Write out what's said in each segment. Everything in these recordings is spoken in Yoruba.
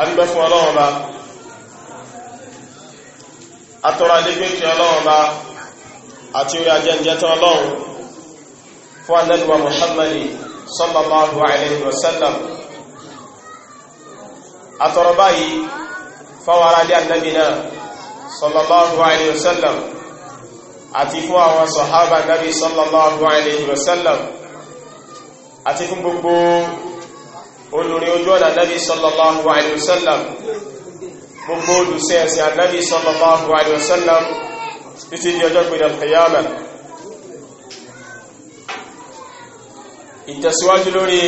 adúgbẹ́ fún ọlọ́run bá atọ́rọ adégbé kí ọlọ́run bá àti orí ajẹ́jẹ́ tán ọlọ́run fún anẹ́lúwà Muhammadi sallallahu alayhi wa sallam atọ́rọ báyìí fáwọn ará lé annabi náà sallallahu alayhi wa àti fún àwọn sọ̀hábà nabi sallallahu alayhi wa sallam àti fún gbogbo olùrin ojú ọ̀nà anábì sallallahu alayhi wa sallam gbogbo olùsẹ́ ẹ̀sìn anábì sallallahu alayhi wa sallam títí di ọjọ́ gbèrè alkiyama ìtẹ̀síwájú lórí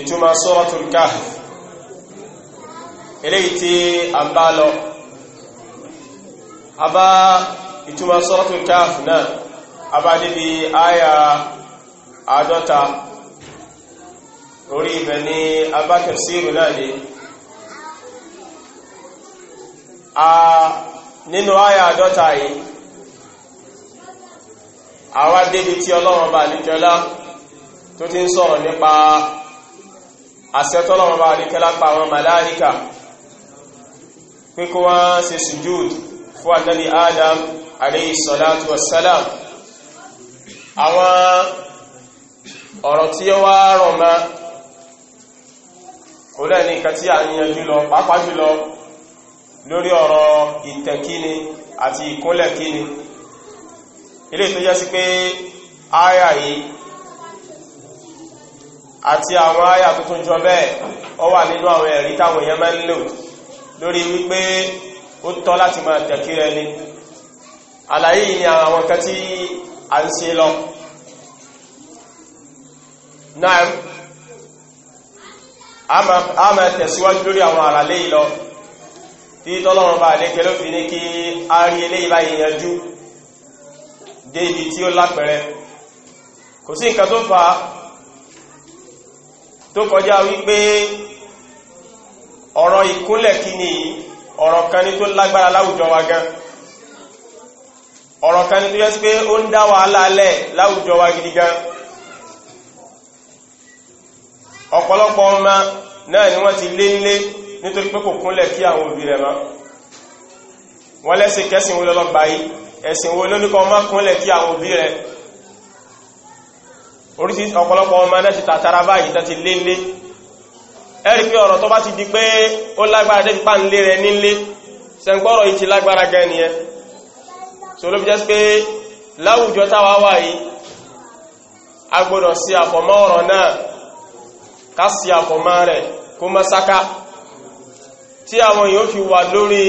ìtumọ̀ suratul kahf eléyìí tí a bá lọ a bá ìtumọ̀ suratul náà a níbi áyà àádọ́ta orí ibẹ̀ ní abákẹ̀síìrù náà ni a nínú àyà àdọ́ta yìí àwa débi tí ọlọ́run bá níjọlá tó ti ń sọ̀rọ̀ nípa àṣẹ́tọ́lọ́run bá níkẹ́lá pa àwọn màláíkà pé kó wá ṣe sùjúd fún ànábì Adam alayhi salatu wassalam àwọn ọ̀rọ̀ tí ó wá rọ̀ máa òun náà ni nǹkan tí a ń yanjú lọ pàápàá jùlọ lórí ọ̀rọ̀ ìtẹ̀kíni àti ìkúnlẹ̀kíni ilé tó jẹ́ sí pé áyà yìí àti àwọn áyà tó jọ bẹ́ẹ̀ ó wà nínú àwọn ẹ̀rí táwọn èèyàn máa ń lò lórí wípé ó tọ́ láti máa tẹ̀kí rẹ ni àlàyé yìí ni àwọn kan tí a ń ṣe lọ a máa tẹ̀síwájú lórí àwọn àrà lé ìlọ tí tọ́lọ́run bá lékẹ́ ló fi ní kí a rí eléyìí bá yẹnjú dé ibi tí ó lápẹẹrẹ kò sí nǹkan tó fa tó kọjá wípé ọ̀rọ̀ ìkúnlẹ̀ kí ni ọ̀rọ̀ kan ní tó lágbára láwùjọ wa gan ọ̀rọ̀ kan ní tó yẹ sí pé ó ń dá wàhálà lẹ̀ láwùjọ wa gidi gan ọ̀pọ̀lọpọ̀ ọmọ náà ni wọ́n ti lé nílé nítorí pé kò kúnlẹ̀ kí àwọn òbí rẹ̀ mọ́ wọ́n lẹ́sìn kẹsìn wo lọ́lọ́gbà yìí ẹ̀sìn wo lóníkọ má kúnlẹ̀ kí àwọn òbí rẹ̀ orísí ọ̀pọ̀lọpọ̀ ọmọ náà ti tàtàrà báyìí tó ti lé nílé ẹ̀rí pé ọ̀rọ̀ tó bá ti di pé ó lágbára tẹ́ a gbọ́dọ̀ sí àfọ̀mọ́ ọ̀rọ̀ náà kásí àfọ̀mọ́ rẹ̀ kó mọ́ sáká tí àwọn èèyàn fi wà lórí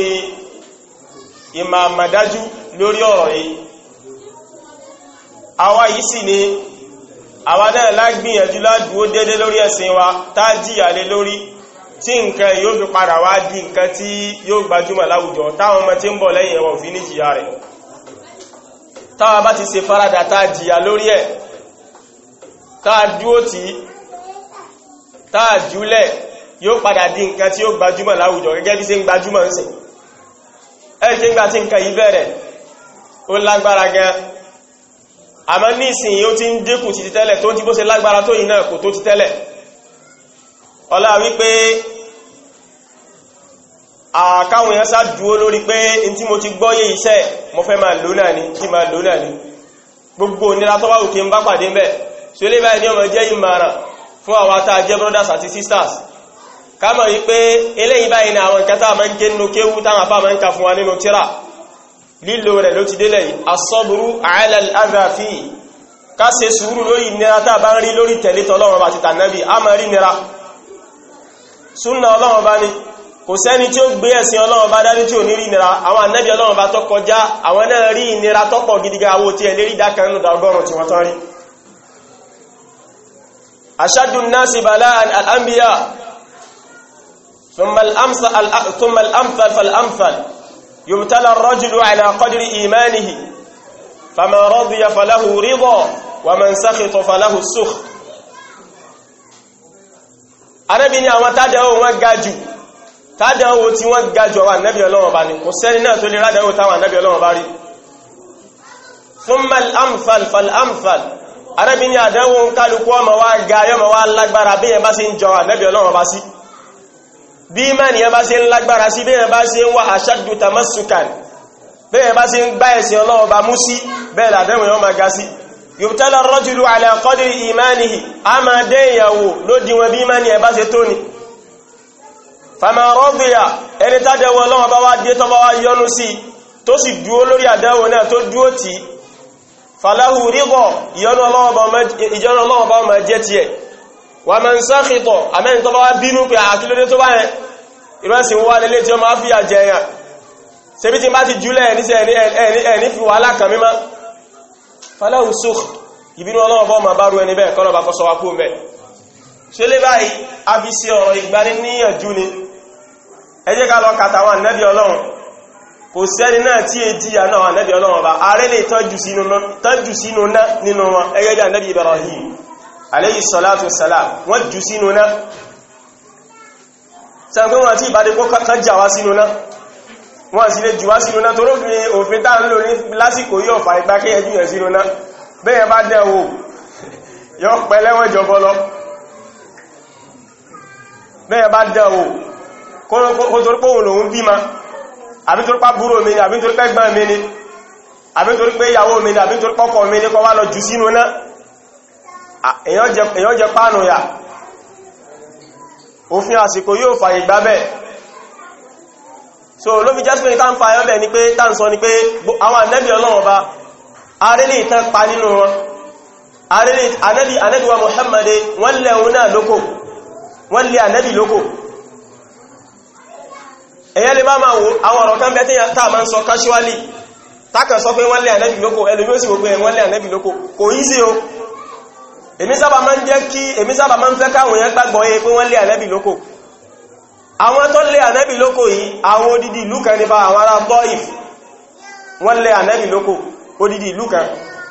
ìmọ̀ àmàdájú lórí ọ̀rọ̀ yìí àwa yìí sì ni àwa náà lágbìyànjú ládùúó dédé lórí ẹ̀sìn wa tá jìyà lé lórí tí nǹkan yóò fi padà wá di nǹkan tí yóò gbajúmọ̀ láwùjọ táwọn ọmọ tí ń bọ̀ lẹ́yìn ẹwọ̀n fi ní jìyà rẹ̀ táwa bá ti ṣe faradà tá lórí ẹ̀ tá dúó táà jùlẹ̀ yóò padà di nǹkan tí ó gbajúmọ̀ láwùjọ gẹ́gẹ́ bí ṣe ń gbajúmọ̀ ń sìn ẹ̀kí ńgbà tí nǹkan yìí bẹ̀rẹ̀ ó lágbára gan àmọ́ ní ìsìn yóò ti ń dínkù ti tẹ́lẹ̀ tó ti bó ṣe lágbára tó yìí náà kò tó ti tẹ́lẹ̀ ọlá wípé àkáwọn èèyàn sá dúó lórí pé in tí mo ti gbọ́yé iṣẹ́ mo fẹ́ máa lò náà ni kí máa lò náà ni gbogbo onira tó bá òkè ń bá pàdé bẹ́ẹ̀ ṣe lè báyìí ní ọmọ jẹ́ ìmọ̀ràn fún àwọn ata jẹ́ brothers àti sisters kámọ̀ yí pé eléyìí báyìí ni àwọn ìkẹta ma ń gé nínú kéwú táwọn afá ma ń ka fún wa nínú tíra lílo rẹ̀ ló ti délẹ̀ yìí asọ́bùrú àìlẹ́lẹ́fì ká ṣe sùúrù lórí ìnira tá a bá ń rí lórí tẹ̀lé tọ́lọ́run àti tànẹ́bì a ashaddu an-nasi bala'an al-anbiya thumma al-amsal thumma al-amsal fal-amsal yubtala ar-rajulu ala qadri imanihi fama radiya falahu ridha wa man sakhita falahu sukh Ànábì ní àwọn tádẹ̀wò wọn gajù tádẹ̀wò tí wọ́n gajù àwọn ànábì Ọlọ́run bá ní kò sẹ́ni náà tó lè rádẹ̀wò táwọn ànábì Ọlọ́run bá rí thumma al-amsal fal-amsal Ànábì ní àdánwò ń kálukú ọmọ wá ga yọmọ wá lágbára bí yẹn bá ṣe ń jọ Ànábì Ọlọ́run bá sí bí mẹ́rin yẹn bá ṣe ń lágbára sí bí yẹn bá ṣe ń wá ashaddu tamassukan bí yẹn bá ń gbá ẹ̀sìn Ọlọ́run bá mú sí bẹ́ẹ̀ làdánwò yẹn máa ga sí yubtala rajulu ala imanihi a máa dé ìyàwó lódiwọ̀n ni fàmà rọ́bìyà ẹni tádẹ̀wọ̀ Ọlọ́run bá wá dé tọ́ bá wá yọnu sí tó sì dúó lórí àdánwò náà tó falahu rígọ̀ ìyọ́nà ọlọ́wọ́ bá ma jẹ́ ti ẹ̀ wà mẹ́ ń sáàkìtọ̀ àmẹ́ni tó bá wá bínú pé àkílódé tó bá yẹn ìrọ́sìn wà lélé tí ó máa fi àjẹ yàn ṣebí tí bá ti jùlẹ̀ ẹni fi wà alákàmí má falahu sukh ìbínú ọlọ́wọ́ bá ma bá rú ẹni bẹ́ẹ̀ kọ́nà bá kọ́ sọ kò sẹ́ni náà tí è jíyà náà wà nẹ́bí ọlọ́wọ́ bá ààrẹ lè tọ́jú sínú náà nínú wọn ẹgẹ́ bí ànẹ́bí Ibrahim alayhi salatu wassalam wọ́n jù sínú náà sẹ́gbẹ́ wọn àti ìbádé kó kankan jà wá sínú náà wọ́n sì lè jù wá sínú náà toró fi òfin tá ń lò ní lásìkò yóò fà ipá kí ẹjú yẹn sínú náà bẹ́ẹ̀ bá dẹ̀ wò yọ lòun bí ma àbí torí pa búrò mi ni àbí torí pẹ́ gbọ́n mi ni àbí torí pé ìyàwó mi ni àbí torí pọ́kọ̀ mi ni kọ́ wá lọ jù sínú náà èyàn jẹ páànù yà òfin àsìkò yóò fàyè gbà bẹ́ẹ̀ so ló fi jẹ́sí pé tá ń fa ayọ́bẹ̀ ni pé tá ń sọ ni pé àwọn ànábì ọlọ́wọ̀n ba arílì ìtàn pa nínú wọn arílì ànábì ànábì wa Muhammad wọ́n lé òun náà lóko wọ́n lé ànábì lóko ẹ̀yẹ́ lè máa máa wo àwọn ọ̀rọ̀ kan bẹ́tẹ̀ tá ma ń sọ káṣíwálì tákàn sọ pé wọ́n lé ànẹ́bì lóko ẹlòmí ó sì wọ́n pé wọ́n lé ànẹ́bì lóko kò yí sí o èmi sábà máa ń jẹ́ kí èmi sábà máa ń fẹ́ káwọn gbàgbọ́ odidi ìlú kan nípa àwọn ará bọ́ìf wọ́n lé odidi ìlú kan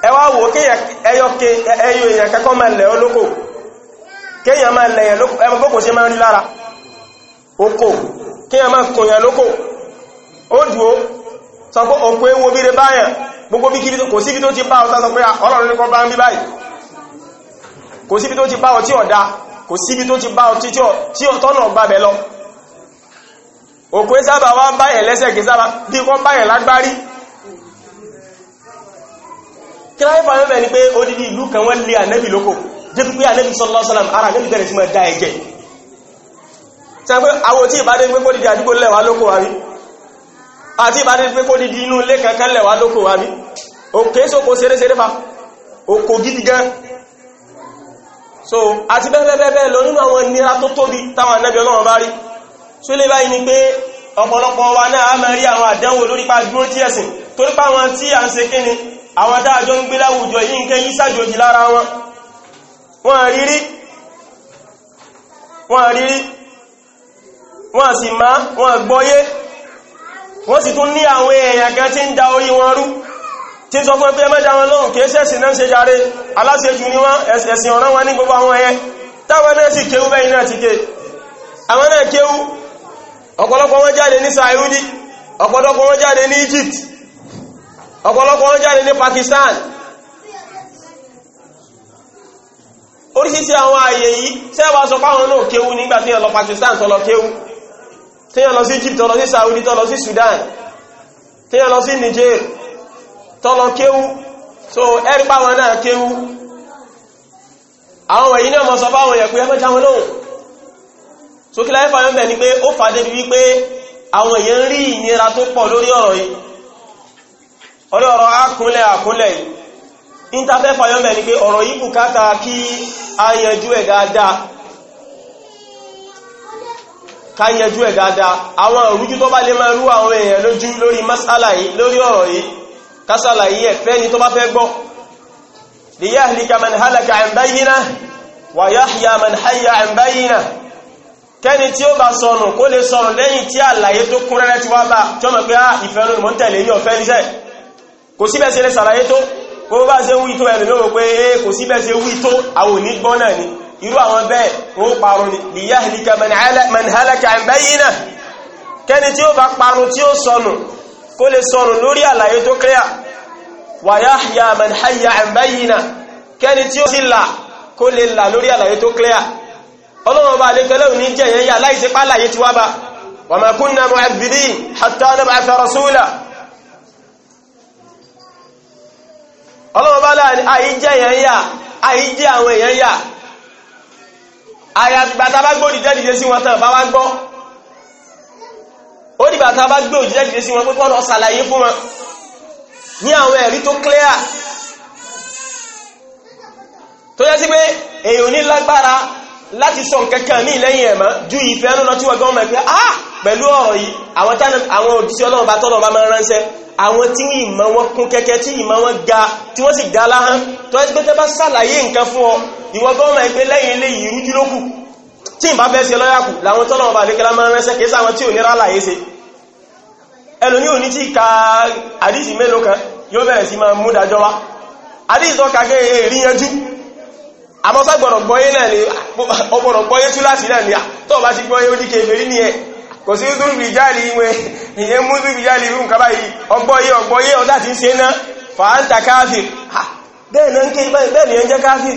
ẹ wá wò kéèyàn ẹyọ èèyàn kẹ́kọ́ máa lẹ̀ ọ́ lóko kéèyàn máa lẹ̀yàn oko kí a máa kòyàn lókò ó dúó sọ pé ọ̀pọ̀ ewu obìnrin báyàn gbogbo bí kò síbi tó ti bá ọ̀tá sọ pé ah, ọlọ́run nìkan bá ń bí báyìí kò síbi tó ti bá ọtí ọ̀dá kò síbi tó ti bá ọtí tí ọ̀tọ́ náà gbà bẹ̀ lọ òkú sábà wá báyẹ̀ lẹ́sẹ̀ kì sábà bí kọ́ báyẹ̀ lágbárí kí láyé fàyọ́ bẹ̀ ni pé odidi ìlú kan wọ́n lé ànẹ́bì lóko dé pé ànẹ́bì sallallahu alaihi wasallam ara ànẹ́bì bẹ̀rẹ̀ sí da ẹ̀jẹ̀ tẹ́gbẹ́ àwọn tí ìbádé ń pé kó dìdí àdúgbò lẹ́wà lókò wá rí àti ìbádé ń pé kó dìdí inú ilé kankan lẹ́wà lókò wá rí òkè sóko ṣeréṣeré fa òkò gidi gan so àti bẹ́ẹ̀bẹ́ẹ̀bẹ́ẹ̀ lọ nínú àwọn ìnira tó tóbi táwọn anẹ́bí ọlọ́run bá rí so lè báyìí ni pé ọ̀pọ̀lọpọ̀ wa náà pa dúró tí ẹ̀sìn torí pa wọn tí à ń ṣe kíni àwọn dáàjọ́ ń gbé rírí wọ́n sì má wọ́n gbọ́yé wọ́n sì tún ní àwọn èèyàn kan tí ń da orí wọn rú tí sọ fún ẹgbẹ́ mẹ́ta wọn lóhùn kìí ṣẹ̀sì náà ṣe jàre aláṣejù ni wọ́n ẹ̀sìn ọ̀rán wọn ní gbogbo àwọn ẹyẹ táwọn sì kéwú bẹ́yìn náà ti ké àwọn náà kéwú ọ̀pọ̀lọpọ̀ wọn jáde ní Saudi ọ̀pọ̀lọpọ̀ wọn jáde ní Egypt ọ̀pọ̀lọpọ̀ wọn jáde ní Pakistan oríṣiríṣi àwọn àyè kéwú nígbà tí ẹ lọ Pakistan tíyàn lọ sí Egypt tọ́lọ sí Saudi tọ́lọ sí Sudan tíyàn lọ sí Niger tọ́lọ kéwú so ẹ̀rí páwọn náà kéwú àwọn wẹ̀yí náà mọ́ sọ fáwọn èèyàn pé ẹgbẹ́jà wọn lóhun so kí láyé fàyọ́ bẹ̀ ni pé ó fàdé bí wípé àwọn èèyàn rí ìnira tó pọ̀ lórí ọ̀rọ̀ yìí ọ̀rọ̀ ọ̀rọ̀ akúnlẹ̀ akúnlẹ̀ yìí ń fàyọ́ bẹ̀ ni pé ọ̀rọ̀ yìí bùkátà kí a yanjú ẹ̀ dáadáa ká yẹjú ẹ̀ dáadáa àwọn òrújú tó bá lè máa rú àwọn èèyàn lójú lórí masala yìí lórí ọ̀rọ̀ yìí kásàlà yìí ẹ̀ fẹ́ ni tó bá fẹ́ gbọ́ li yahlika man halaka an bayyinah wa yahya man hayya an bayyinah kẹ́ni tí ó bá sọnù kó lè sọnù lẹ́yìn tí àlàyé tó kún rẹ́rẹ́ ti wá bá tí mọ̀ pé á ìfẹ́nu mọ́ tẹ̀lé ní ọ̀fẹ́ níṣẹ́ kò síbẹ̀ sí lè sàlàyé tó kó bá ṣe wí tó ẹ̀rùn lóòrò pé eh, kò síbẹ̀ ṣe wí tó àwọn òní gbọ́n ni irú àwọn bẹ́ẹ̀ wọ́n parun ni liyahlika man halaka an bayyinah kẹ́ni tí ó bá parun tí ó sọnù kó lè sọnù lórí àlàyé tó kíyà wa yahya man hayya an bayyinah kẹ́ni tí ó sì là kó lè là lórí àlàyé tó kíyà ọlọ́run bá alẹ́kẹ́lẹ́ òní jẹ̀yẹ́ yà láìsí pálàyé ti wá bá wa ma kunna mu'azzibin hatta nab'atha rasula ọlọ́run bá láàrin àìjẹ́ èèyàn yà àìjẹ́ àwọn èèyàn yà àyàfìgbà tá bá gbé òjìjẹ́ dìde sí wọn tán bá wá gbọ́ ó dìgbà tá bá gbé òjìjẹ́ dìde sí wọn pé wọ́n lọ ṣàlàyé fún wọn ní àwọn ẹ̀rí tó clear tó yẹ sí pé èèyàn ní lágbára láti sọ nǹkankan ní lẹ́yìn ẹ̀mọ́ ju ìfẹ́ ẹnu lọ tí wọ́n gọ́ọ̀mọ̀ pé ah pẹ̀lú ọ̀rọ̀ yìí àwọn òjíṣẹ́ ọlọ́run bá tọ́lọ̀ bá máa ránṣẹ́ àwọn tí ìmọ̀ wọn kún kẹ́kẹ́ tí ìmọ̀ wọn ga tí wọ́n sì pé ìwọ gọ́ọ̀mà ìpé lẹ́yìn ilé ìrújú lókù tí ìbá fẹ́ sí ọlọ́yàkù láwọn tọ́lọ̀ ọba àdékẹ́lá máa rẹ́sẹ́ kìí sáwọn tí ò ní rálà yése ẹlòmí ò ní tí ka àdísì mélòó kan yóò bẹ̀rẹ̀ sí máa mú dájọ́ wá ni ọgbọ́dọ̀ gbọ́yé tú láti náà ni tó bá ti ni ẹ kò sí tó rí jáàlì ìwẹ̀ ìyẹn mú tó rí jáàlì ìrú nǹkan báyìí ọgbọ́yé ọgbọ́yé bẹ́ẹ̀ ni ẹ jẹ́ káfíìn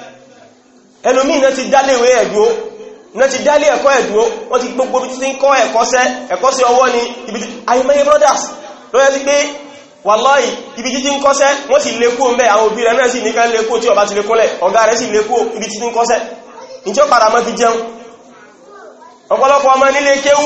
ẹlòmí náà ti dálé ìwé ẹ̀dúó náà ti dálé ẹ̀kọ́ ẹ̀dúó wọ́n ti gbogbo bí títí ń kọ́ ẹ̀kọ́sẹ́ ẹ̀kọ́sẹ́ ọwọ́ ni ibi ayimẹ́yẹ brothers lọ́yẹ́ ti pé wàláì ibi títí ń kọ́sẹ́ wọ́n sì lékú ń bẹ́ àwọn òbí rẹ̀ náà sì ní ká lékú tí ibi títí ń kọ́sẹ́ ìjọ́ paramọ́ fi jẹun ọ̀pọ̀lọpọ̀ ọmọ nílé kéwú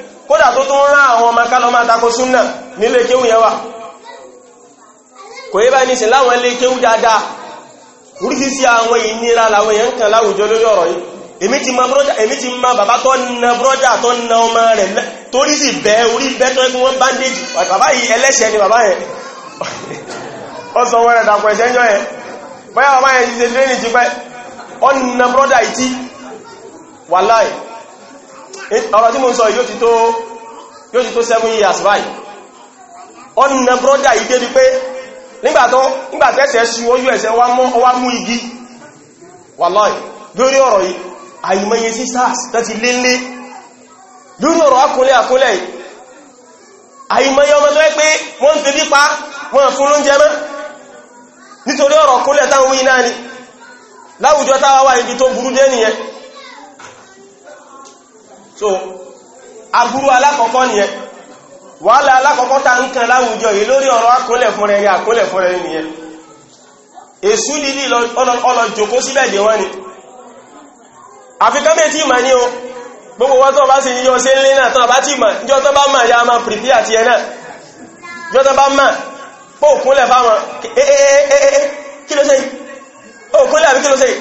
kódà tó tún rán àwọn ọmọ kálọ máa tako súnà nílé kéwù yẹn wà kò yẹ báyìí nísìn láwọn ilé kéwù dáadáa oríṣiríṣi àwọn ìnira làwọn èèyàn kan láwùjọ lórí ọ̀rọ̀ yìí èmi ti ma brọ́dà èmi ti ma bàbá tó na brọ́dà tó na ọmọ rẹ̀ torí sì bẹ́ orí bẹ́ tó ẹkùn wọn bandage bàbá yìí ẹlẹ́ṣẹ̀ ni bàbá yẹn ó sọ wọ́n rẹ̀ dàpọ̀ ẹ̀ṣẹ̀ ń jọ yẹn báyá bàbá yẹn ti ṣe lẹ́nìí ti pẹ́ ọ na brọ́dà ìtí wàláì ọ̀rọ̀ tí mo sọ yóò ti tó yóò ti tó seven years báyìí ọ̀nà brọ́dà yìí débi pé nígbàtọ́ nígbàtẹ́sẹ̀ sí ojú ẹ̀sẹ̀ wá mú igi wàláì lórí ọ̀rọ̀ yìí àìmọye sí sars tẹ́ti lélé lórí ọ̀rọ̀ akúnlẹ̀ akúnlẹ̀ àìmọye ọmọ pé wọ́n fi bí wọ́n fún lóúnjẹ mọ́ nítorí ọ̀rọ̀ ni so aburú alákọ̀ọ́kọ́ nìyẹn wàhálà alákọ̀ọ́kọ́ ta ń kan láwùjọ yìí lórí ọ̀rọ̀ akólẹ̀ fún rẹ̀ akólẹ̀ fún rẹ̀ nìyẹn èsú lílì ọlọ jòkó síbẹ̀ dé wọ́n ni àfikán méjì mà ní o gbogbo wọ́n tó bá sì yíyọ sí ilé náà tán bá ti mà jọ tó bá mà ya ma pìrìpì àti ẹ̀ náà jọ tó bá mà pọ́ òkúnlẹ̀ fáwọn ẹ̀ẹ́ẹ̀ẹ́ kí ló sẹ́yìn òkúnlẹ̀ àbí kí ló sẹ́yìn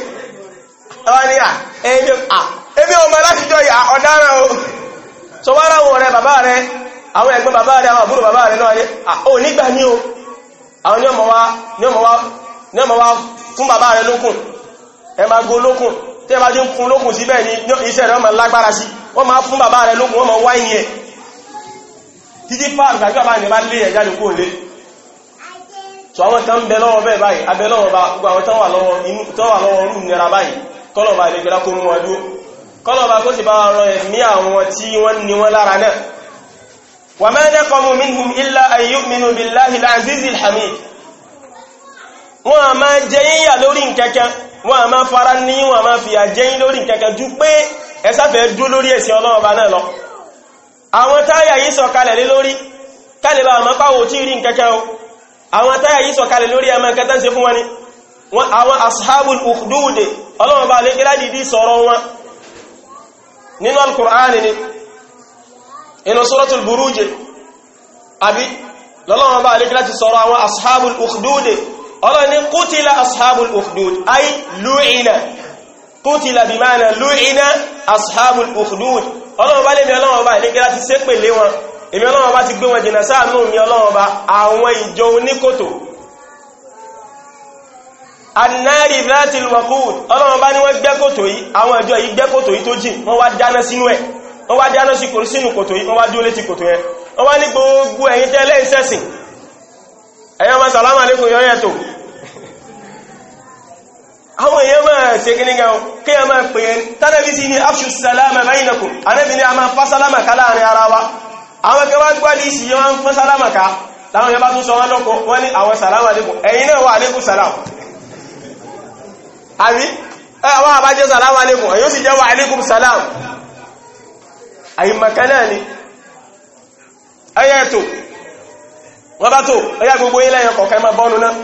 ẹwà ni à ẹ̀ẹ́dẹ́ à èmi ọmọ látijọ́ ọ̀daràn o so wá ráwọn ọ̀rẹ́ bàbá rẹ àwọn ẹ̀gbọ́n bàbá rẹ àwọn àbúrò bàbá rẹ náà ní ò nígbà ní o àwọn ní ọmọ wa ní ọmọ wa ní ọmọ wa fún bàbá rẹ lókùn ẹ máa go lókùn tí ẹ máa dín fún lókùn síbẹ̀ ní iṣẹ́ rẹ ọmọ lágbára sí wọ́n máa fún bàbá rẹ lókùn wọ́n máa wá ìyẹn títí pààrù tàbí bàbá rẹ bá lé ẹ̀ jáde kúrò lé so àwọn tán bẹ lọ́wọ́ bẹ́ẹ̀ báyìí abẹ lọ́wọ́ bá gbogbo àwọn tán wà lọ́wọ́ rú nira báyìí kọ́lọ̀ bá ilẹ̀ gbẹ́lá kó mú wọn kọ́lọ̀bà kó sì bá rọ ẹ̀mí àwọn tí wọ́n ní wọ́n lára náà wà ma naqamu minhum illa an yu'minu billahi al-azizil hamid wọ́n a máa jẹ yíyà lórí nkẹ́kẹ́ wọ́n a máa fara ní wọ́n a máa fìyà jẹ yín lórí nkẹ́kẹ́ ju pé ẹsáfẹ́ dú lórí ẹ̀sìn ọlọ́ọ̀bá náà lọ àwọn táyà yìí sọ kalẹ̀ lé lórí kálẹ̀ bá àmọ́ pàwò tí rí nkẹ́kẹ́ o àwọn táyà yìí sọ kalẹ̀ lórí ẹmọ nkẹ́tẹ́ ń ṣe fún wọn ni àwọn ashabul ukhdud ọlọ́ọ̀bá lè kíládìí sọ̀rọ̀ wọn nínú al-Qur'an ni inú suratul Buruj àbí lọ́lọ́wọ́ bá alẹ́kí láti sọ̀rọ̀ àwọn ashabul ukhdud ọlọ́ni qutila ashabul ukhdud ay lu'ina qutila bí máa na lu'ina ashabul ukhdud ọlọ́wọ́ bá lẹ́mí ọlọ́wọ́ bá alẹ́kí láti sépèlé wọn èmi ọlọ́wọ́ bá ti gbé wọn jìnà sáà annáàrí ìfẹ́tìl wọ̀kúùd ọlọ́run bá ní wọ́n gbẹ́ kòtò yìí àwọn ẹjọ́ yìí gbẹ́ kòtò yìí tó jìn wọ́n wá dáná sínú ẹ̀ wọ́n wá dáná sínú kòtò yìí wọ́n wá dúó létí kòtò yẹn wọ́n wá ní gbogbo ẹ̀yin tẹ́lẹ̀ ìṣẹ́sìn ẹ̀yọ́ ma sàlámà lékún yọ́ yẹ́ tó àwọn èèyàn máa ṣe kí ní gan kí a máa pè tánàbí sí ní afṣù sàlámà bainakum anẹ́bí ní a máa fá sàlámà ká láàrin ara wa àwọn kẹwà gbádìí sí yọ́ wọ́n fá sàlámà ká láwọn yẹn bá tún sọ wọ́n lọ́kọ̀ wọ́n ní àwọn sàlámà lékún ẹ̀yin náà wà lékún sàlámà àbí àwọn àbájẹ́ salamu alaikum yóò sì jẹ́ wa alaikum salam ayi náà ni ẹyẹ ètò wọ́n bá tó gbogbo ilẹ̀ ẹ̀yàn ma bọ́nu náà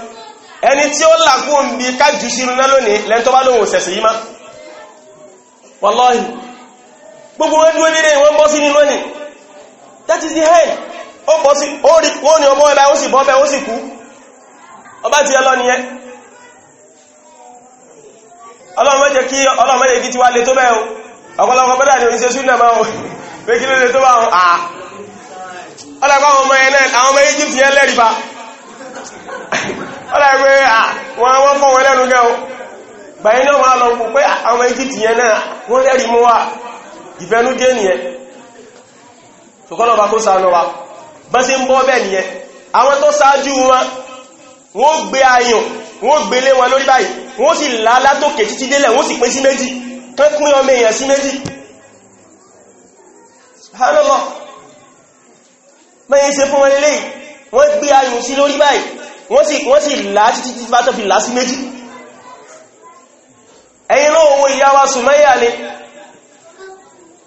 ẹni tí ó làkú bí kájú sínú náà lónìí lẹ́ntọ́ bá lóhun sẹ̀sẹ̀ yí wallahi gbogbo wọn dúró nílé wọn bọ́ sí nínú ẹni that is the head ó bọ́ sí ó rí ọmọ ẹ̀bá ó sì bọ́ bẹ́ ọlọ́run má jẹ́ kí ọlọ́run má jẹ́ kí tiwa lè tó bẹ́ẹ̀ o ọ̀pọ̀lọpọ̀ bẹ́ẹ̀ ni oníṣẹ́ súnà máa wọn pé kí ló lè tó bá wọn ọmọ náà àwọn ọmọ fa ọlọ́pàá pé wọ́n wọ́n fọ́ ya yẹn náà wọ́n mú ìfẹ́nú nìyẹn kó wa bá sí ń bọ́ bẹ́ẹ̀ nìyẹn àwọn tó ṣáájú wọn wọ́n sì lálá tó kè títí délẹ̀ wọ́n sì pín sí méjì kán pín ọmọ èèyàn sí méjì Subhanallah mẹ́yìn ṣe fún wọn lélẹ́yìn wọ́n gbé ayùn sí lórí báyìí wọ́n sì lá títí títí bá tó fi lá sí méjì ẹ̀yin náà owó ìyá wa Sùmáyà ni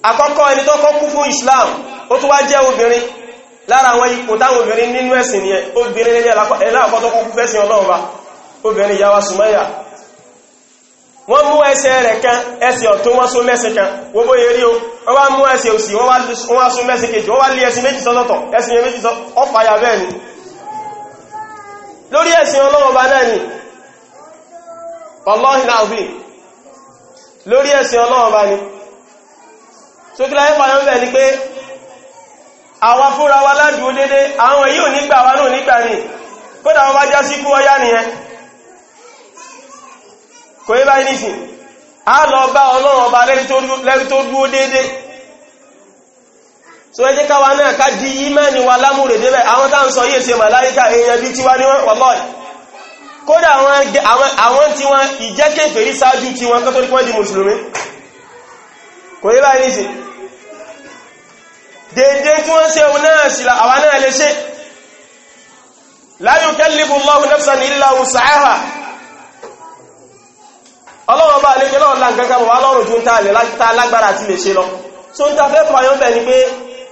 àkọ́kọ́ ẹni tó kọ́ kú fún Islam ó tún wá jẹ́ obìnrin lára àwọn ipò táwọn obìnrin nínú ẹ̀sìn ni ẹ obìnrin nílẹ̀ ẹ̀láàkọ́ tó kú fẹ́sìn ọlọ́ọ̀ba obìnrin ìyá wa Sùmáyà wọ́n mú ẹsẹ̀ rẹ̀ kan ẹsẹ̀ ọ̀tún wọ́n sún mẹ́sẹ̀ kan wọ́n bó yẹ rí o wọ́n wá mú ẹsẹ̀ òsì wọ́n wá sún mẹ́sẹ̀ kejì wọ́n wá lé ẹsẹ̀ méjì sọ́tọ̀ ẹsẹ̀ yẹn méjì sọ́tọ̀ ọfàyà bẹ́ẹ̀ ni lórí ẹ̀sìn ọlọ́wọ́ bá náà ni ọlọ́hìn àbí lórí ẹ̀sìn ọlọ́wọ́ bá ni tó kí láyé pàdán bẹ́ẹ̀ ni pé àwa fúnra wa ládùú dédé àwọn èyí ò nígbà wa náà nígbà ni kódà wọn bá já sí kú ọyá nìyẹn kò yí báyìí nìsìn a lọ bá ọlọ́run ọba lẹ́rí tó dúó déédé so ẹjẹ́ káwa náà ká di ìmánì wa lámúrè débẹ̀ àwọn tá sọ yíè ṣe màláíkà èèyàn bí tiwa ní wọ́lọ́ì kódà àwọn tí wọ́n ìjẹ́kẹ́ sáájú tí wọ́n kọ́ tó di mùsùlùmí kò yí báyìí nìsìn déédé tí wọ́n ṣe òun náà sí àwa náà lè ṣe la yukallifu Allahu nafsan illa wus'aha ọlọ́run bá lékẹ́ lọ́run láǹkan kan wà lọ́rùn ju ta lágbára ti lè ṣe lọ so n ta fẹ́ fún ayọ́ bẹ̀ ni pé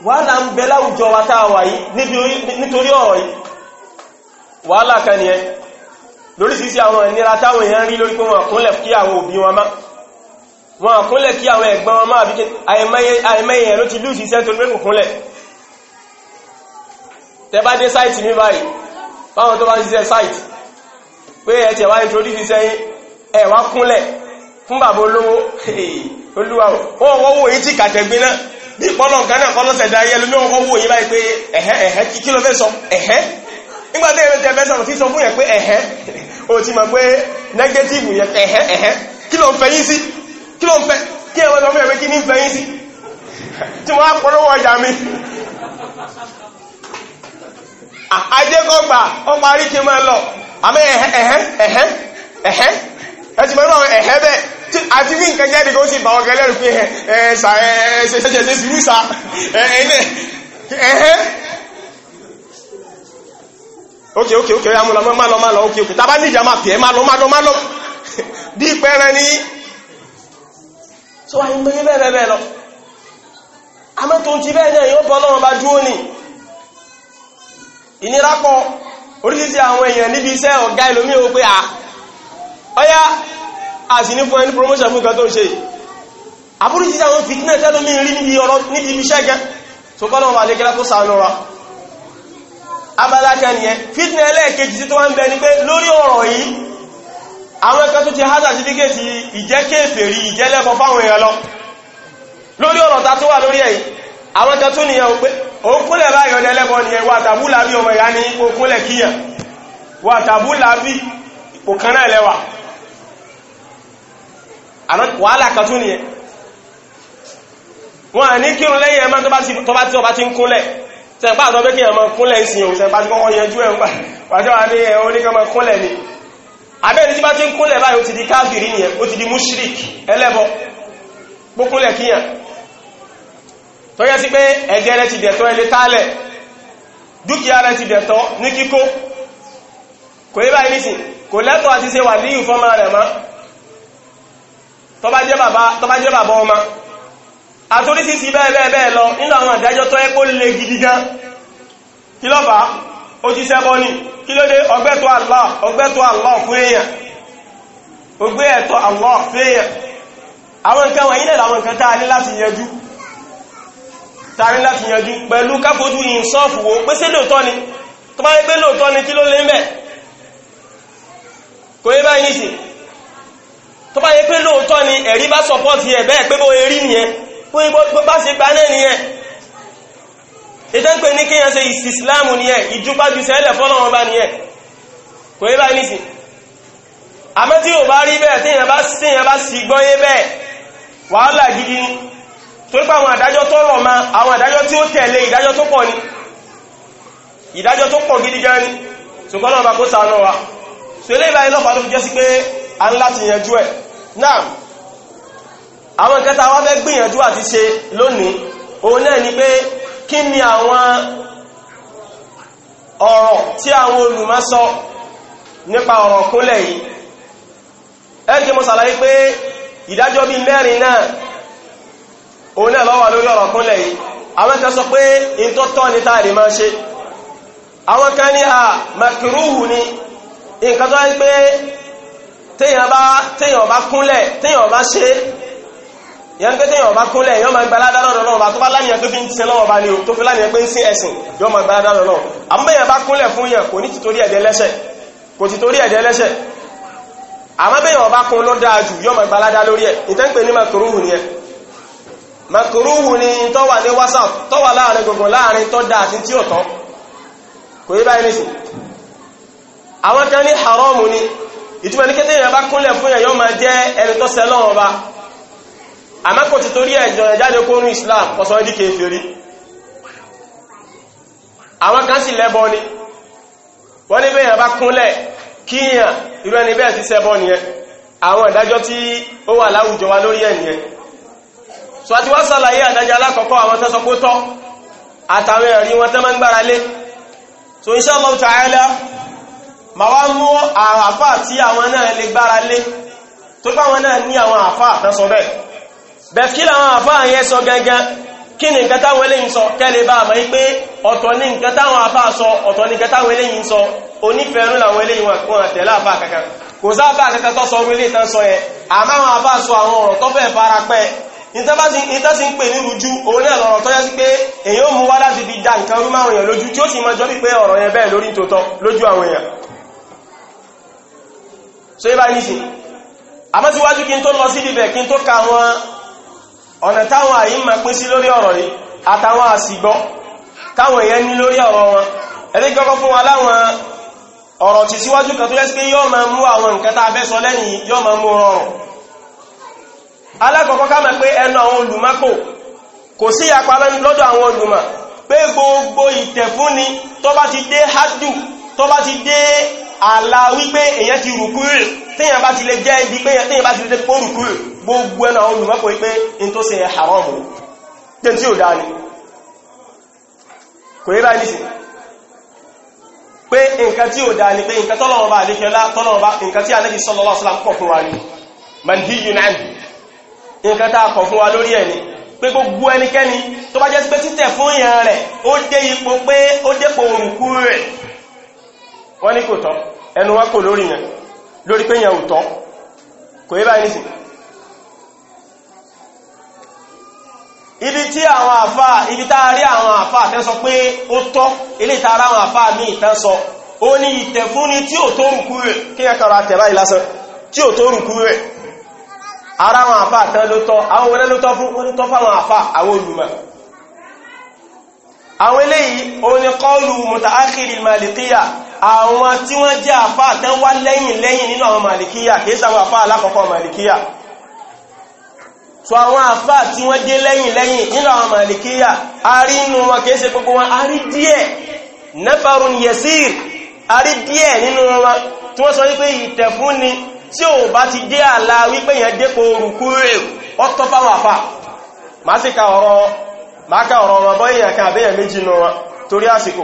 wàhálà ń bẹ láwùjọ wa tá a wà yìí nítorí ọ̀rọ̀ yìí wàhálà kan nìyẹn lóríṣiríṣi àwọn ìnira táwọn èèyàn rí lórí pé wọn àkúnlẹ̀ kí ẹ̀wà kúnlẹ̀ fún bàbá olówó olúwa ọwọ́ owó yìí ti kàtẹ̀gbé náà bí pọ́lọ̀ nǹkan náà kọ́lọ́ sẹ̀dá ayé lómi ọwọ́ owó yìí báyìí pé ẹ̀hẹ́ ẹ̀hẹ́ sọ o ọparí kí lọ àmẹ́ ẹ̀hẹ́ ẹ̀hẹ́ ẹ̀hẹ́ e mẹ́rin àwọn ẹ̀hẹ́ a ti rí nǹkan jáde kó sì bàwọn kẹlẹ́rù pé ẹ̀ẹ́sà ẹ̀ẹ́sẹ̀ṣẹ̀ṣẹ̀ sírúsà ẹ̀ẹ́ ókè ókè ókè amúlọmọ má lọ má lọ ókè ókè tàbá níjà má pè é má lọ má lọ má lọ bí ní so àyìn bẹ́rẹ́ bẹ́rẹ́ bẹ́ẹ̀ lọ amẹ́tò ti bẹ́ẹ̀ náà yóò bọ́ ọya àti ní fún ẹni promotion fún nǹkan tó ń ṣe àbúrú títà wọn fìtínà tẹ́lú rí níbi ọ̀rọ̀ níbi ibi iṣẹ́ tó bọ́lọ̀ wà lẹ́gẹ́lá tó sàánú ra abala kan nìyẹn fìtínà ẹlẹ́ẹ̀kejì tó wá ń bẹ ni pé lórí ọ̀rọ̀ yìí àwọn ẹ̀kọ́ tó ti há sàtífíkẹ́tì ìjẹ́kẹ́fèrí ìjẹ́lẹ́kọ fáwọn èèyàn lọ lórí ọ̀rọ̀ ta tó wà lórí ẹ̀yìn àwọn ẹ̀kọ́ tó nìyẹn pé òun kúnlẹ̀ báyìí ọdẹ lẹ́kọ́ nìyẹn wà tàbúlà bí ọmọ ìyá ní okúnlẹ̀ kíyàn wà tàbúlà bí òkanáà lẹ́wàá wàhálà kan tún nìyẹn wọ́n ní kírun lẹ́yìn ẹmọ́ tó bá tí ọba ti ń kúnlẹ̀ tẹ́gbà àtọ́ pé kí ẹmọ kúnlẹ̀ sí ohun tẹ́gbà tí kọ́kọ́ yẹjú ẹ̀ ń gbà wàjọ́ wà ní ẹ̀hún ní kọmọ kúnlẹ̀ ni abẹ́ni tí bá ti ń kúnlẹ̀ báyìí ó ti di káàbìrì nìyẹn ó ti di mushrik ẹlẹ́bọ gbókúnlẹ̀ kíyàn kò lẹ́tọ̀ àti ṣe wà ní ìfọ́mọ́ rẹ̀ mọ́ tó bá jẹ́ bàbá tó bá jẹ́ bàbá ọmọ àtorísìsì bẹ́ẹ̀bẹ́ẹ̀ lọ nínú àwọn àdájọ́ tó ẹ́ kó lè gidi gan kí ló fà ó ti ṣẹbọ ní kí ló dé ọgbẹ́tọ̀ Allah ọgbẹ́tọ̀ Allah fún èèyàn ògbé Allah fún èèyàn àwọn nǹkan wọ̀nyí lẹ́la àwọn nǹkan táa ní láti yanjú táa ní láti yanjú pẹ̀lú káfojú ìsọ́ọ̀fù wo pé sí lóòtọ́ ni kí ló lé mẹ́ kò yẹ báyìí nìsìn tó bá yẹ pé lóòótọ́ ni ẹ̀rí bá sọpọ́tì ẹ̀ bẹ́ẹ̀ pé bó erí nìyẹn bó ibó bá ṣe ni. nìyẹn ìtẹ́ǹpẹ́ ní kíyàn ṣe ìsìsìláàmù nìyẹn ìjúpájú sẹ́lẹ̀ fọ́lọ́wọ́n bá nìyẹn kò yẹ bá nìsín àmọ́ tí ò bá rí bẹ́ẹ̀ tí èèyàn bá sí èèyàn bá sì gbọ́yé bẹ́ẹ̀ wàhálà gidi ni torí pé àwọn àdájọ́ tó rọ̀ ma àwọn àdájọ́ tí ó tẹ̀lé ìdájọ́ tó pọ̀ ni ìdájọ́ gidi gan ni ṣùgbọ́n náà bá kó sànú wa ṣe lè báyìí lọ́pàá tó fi jẹ́ sí pé a ń láti yanjú ẹ̀ náà àwọn nǹkan tàwọn fẹ́ gbìyànjú àti ṣe lónìí òun náà ni pé kí ni àwọn ọ̀rọ̀ tí àwọn olùmọ̀ sọ nípa ọ̀rọ̀ kúnlẹ̀ yìí ẹ́kì mo ṣàlàyé pé ìdájọ́ bí mẹ́rin náà òun náà lọ́wà lórí ọ̀rọ̀ kúnlẹ̀ yìí àwọn kan sọ pé in tó táàrí máa ṣe àwọn kan ní a makiruhu ni nǹkan tó wáyé pé téèyàn bá téèyàn bá kúnlẹ̀ téèyàn bá ṣe yẹn pé téèyàn bá kúnlẹ̀ yọ ma gba ládàrọ̀ lọ́nà ọba tó bá láníyàn tó fi ń tẹ lọ́wọ́ ọba ni o tó fi láníyàn pé ń sin ẹ̀sìn yọ ma gba ládàrọ̀ lọ́nà àmúbẹ̀yàn bá kúnlẹ̀ fún yẹn kò ní tìtorí ẹ̀dẹ́ lẹ́sẹ̀ kò tìtorí ẹ̀dẹ́ lẹ́sẹ̀ àmọ́ bẹ́yàn bá kún ló dáa jù yọ ma gba ládà lórí ẹ̀ ìtẹ́ǹpẹ̀ ìtumọ̀ ní kété èèyàn bá kúnlẹ̀ fún èèyàn yóò máa jẹ́ ẹni tó ṣẹ lọ́wọ́ ọba àmọ́ ti torí ẹ̀jọ̀ ìjáde kó Islam kọ̀sọ́ ẹ̀dí kèfèrí àwọn kan sì lẹ́bọ ni wọ́n ní bẹ́yàn bá kúnlẹ̀ kíyàn irú ẹni bẹ́ẹ̀ ti ṣẹbọ nìyẹn àwọn ìdájọ́ tí ó wà láwùjọ wa lórí ẹ̀ nìyẹn so àti wá sàlàyé àdájọ́ alákọ̀ọ́kọ́ àwọn tẹ́sọ pé tọ́ àtàwọn ẹ̀rí wọn tẹ́ máa ń gbára lé so inshallah ta'ala ma wá mú àwọn àfáà tí àwọn náà lè gbára lé tó pàwọn náà ní àwọn àfáà tán sọ bẹ́ẹ̀ bẹ́ẹ̀ kí làwọn àfáà yẹn sọ gangan kí ni nǹkan táwọn eléyìn sọ kẹ́lẹ̀ bá àmọ́ pé ọ̀tọ̀ ní nǹkan táwọn àfáà sọ ọ̀tọ̀ ní nǹkan táwọn eléyìn sọ onífẹ̀ẹ́nú làwọn eléyìn wọn àtẹ̀lá àfáà kankan kò sáfà kankan tó sọ orílẹ̀ ìtàn sọ yẹn àmọ́ àwọn àfáà sọ àwọn ọ̀rọ̀ tó fẹ́ fara pẹ́ ìtàn sí ń pè ní rújú òun náà lọ́rọ̀ tó yẹ sí lójú àwọn èèyàn so yíba ní sí àmọ́ ti wájú kí n tó lọ sí ibẹ̀ kí n tó ka àwọn ọ̀nà táwọn àyí ma pín sí lórí ọ̀rọ̀ yìí àtàwọn àsìgbọ́ táwọn èèyàn ní lórí ọ̀rọ̀ wọn ẹ̀rí kọ́kọ́ fún wa láwọn ọ̀rọ̀ ti síwájú kan tó yẹ́ sí pé yọ́ ma mú àwọn nǹkan tá a fẹ́ sọ lẹ́yìn yọ́ ma mú rọrùn alákọ̀ọ́kọ́ ká mọ̀ pé ẹnu àwọn olùmọ́pò kò sí ìyapa lọ́dọ̀ àwọn olùmọ̀ pé gbogbo ìtẹ̀fúnni tó bá ti dé hádù tó bá ti dé àlà wípé èyàn ti rùkú rẹ̀ tíyàn bá ti lè jẹ́ ibi pé tíyàn bá ti lè pọ́ rùkú rẹ̀ gbogbo ẹ̀nà àwọn olùmọ́pọ̀ wípé in tó ṣe haramu tẹ́ tí ò dáa ni kò rí báyìí sí pé nǹkan tí ò dáa ni pé nǹkan tọ́lọ́wọ́ bá àdékẹ́lá tọ́lọ́wọ́ bá nǹkan tí Ànábì sallallahu alaihi wasallam kọ̀ fún wa ni manhiyun anhu nǹkan tá a kọ̀ fún wa lórí ẹ̀ gbogbo ẹnikẹ́ni tó bá jẹ́ pé títẹ̀ fún ìyàn rẹ̀ ó dé ipò pé ó dépò òrùkú rẹ̀ wọ́n ní kò tọ́ ẹnu wá kò lórí yẹn lórí pé yẹn kò báyìí nìsìn ibi tí àwọn àfà ibi tá a rí àwọn àfà tẹ́sọ pé ó tọ́ ilé ìtara àwọn àfà mi ìtẹ́ ó ní tí ò tó rùkú rẹ̀ kí ẹ kọ̀rọ̀ àtẹ̀ báyìí lásán tí ò tó rùkú rẹ̀ ara àwọn àfà àwọn tí wọ́n jẹ́ àfá àtẹ́ wá lẹ́yìn lẹ́yìn nínú àwọn màlìkíyà kìí sáwọn àfá alákọ̀ọ́kọ́ màlìkíyà so àwọn àfá tí wọ́n jẹ́ lẹ́yìn lẹ́yìn nínú àwọn màlìkíyà a rí inú wọn kìí ṣe gbogbo wọn a rí díẹ̀ nafarun yesir a rí díẹ̀ nínú wọn tí wọ́n sọ wípé ìtẹ̀fún ni tí ò bá torí àsìkò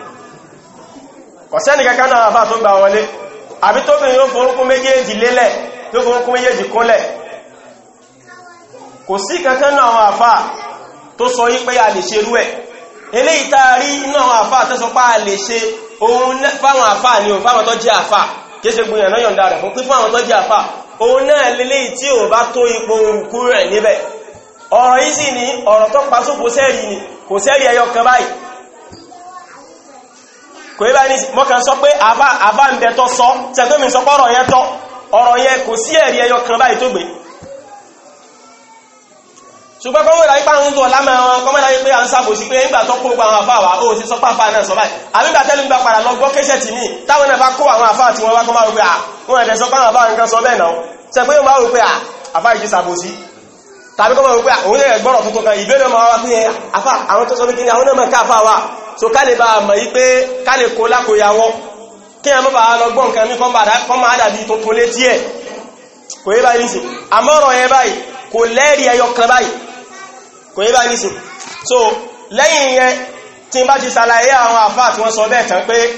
kọ̀sẹ́nì kankan náà àfà tó gbà wọlé àbí tóbìnrin yóò forúkún méjèèjì lélẹ̀ tó forúkún méjèèjì kólẹ̀ kò sí kankan náà àwọn àfà tó sọ yí pé a lè ṣe rú ẹ̀ eléyìí tá a rí inú àwọn àfà tó sọ pé a lè ṣe òun fáwọn àfà ni òun fáwọn tó jẹ́ àfà kéṣe gbìyàn náà yọ̀ǹda rẹ̀ fún pífún àwọn tó jẹ́ àfà òun náà leléyìí tí ò bá tó ipò òrùkú rẹ̀ níbẹ̀ ọ̀rọ̀ yìí sì ni ọ̀rọ̀ tó pa sóko sẹ́ẹ̀rì ni kò sẹ́ẹ̀rì ẹyọ kan báyìí kò yí bá ní mọ́kàn sọ pé àbá ń bẹ̀tọ́ sọ tẹ́gbẹ́mì sọ pọ́rọ̀ yẹn tọ́ ọ̀rọ̀ yẹn kò sí ẹ̀rí ẹyọ kan báyìí tó gbé ṣùgbọ́n kọ́mọ̀ ìdáyí pàrún ń lọ lámẹ́ wọn kọ́mọ̀ ìdáyí pé à ń sàbòsí pé nígbà tó kó gba àwọn àfáà wá ó ti sọ pàfà náà sọ báyìí àmìgbà tẹ́lú gba padà lọ gbọ́ kéṣẹ̀ tì ní táwọn náà bá kó àwọn àfáà tí wọ́n wá kọ́ máa rò pé à wọ́n ẹ̀dẹ̀ sọ pàrún àfáà nǹkan sọ bẹ́ẹ̀ náà ṣe pé ó máa rò pé à àfáà yìí sàbòsí tàbí kọ́mọ̀ rò pé òun náà gbọ́rọ̀ tuntun kan ìbéèrè máa wá pé àfáà àwọn tó sọ pé kí ni àwọn náà mọ̀ ká àfáà wà so kálẹ̀ bá mọ̀ yí pé kálẹ̀ kó lákòyàwọ́ kí ẹ mọ́ bá lọ gbọ́n nǹkan mí kọ́ máa dàbí tuntun létí ẹ̀ kò yé báyìí nìsìn àmọ́rọ̀ yẹn báyìí kò lẹ́rìí ẹyọ kan báyìí kò yé so lẹ́yìn yẹn tí n bá ti ṣàlàyé àwọn àfà tí wọ́n sọ bẹ́ẹ̀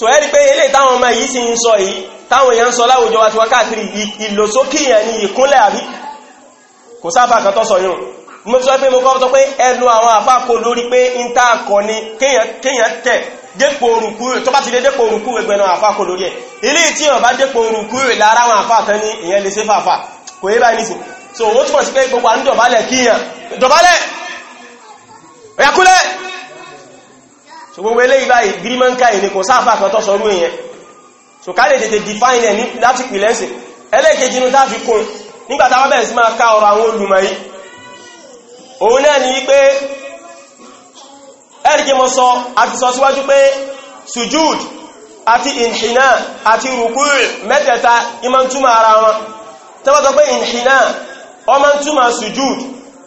so ẹ́ rí pé eléyìí táwọn ọmọ yìí sì ń sọ yìí táwọn èèyàn ń sọ láwùjọ wa ti wá káàkiri ìlòsókè yẹn ni ìkúnlẹ̀ àbí kò sábà kan tó sọ yìí mo sọ pé mo kọ́ sọ pé ẹnu àwọn àfáàkò lórí pé ń tá àkọ́ ni kéèyàn tẹ̀ dépò orùnkú rẹ̀ tó bá ti lé dépò orùnkú rẹ̀ gbẹ̀nà àfáàkò lórí ẹ̀ ilé tí wọ́n bá dépò orùnkú rẹ̀ lára àwọn àfáàkan ní ìyẹn lè ṣe fàfà kò yé báyìí nìsìn so ó túnmọ̀ sí pé gbogbo à ń dọ̀bálẹ̀ kíyàn dọ̀bálẹ̀ ẹ̀yàkúlẹ̀ so gbogbo eléyìí báyìí gírímọ́ǹkà yìí ni kò sáfà kan tó sọrú so ká lè define ẹ̀ láti pìlẹ́sìn ẹlẹ́ẹ̀kejì inú tá fi kún nígbà táwọn bẹ̀rẹ̀ sí máa ká ọ̀rọ̀ àwọn olùmọ̀ yìí òun náà ni wípé ẹ́rìkí mọ́ sọ àti sọ síwájú pé sujúd àti ìhìnà àti rùkú mẹ́tẹ̀ẹ̀ta ìmọ̀ túnmà ara wọn tẹ́bá sọ pé ìhìnà ó máa ń túnmà sujúd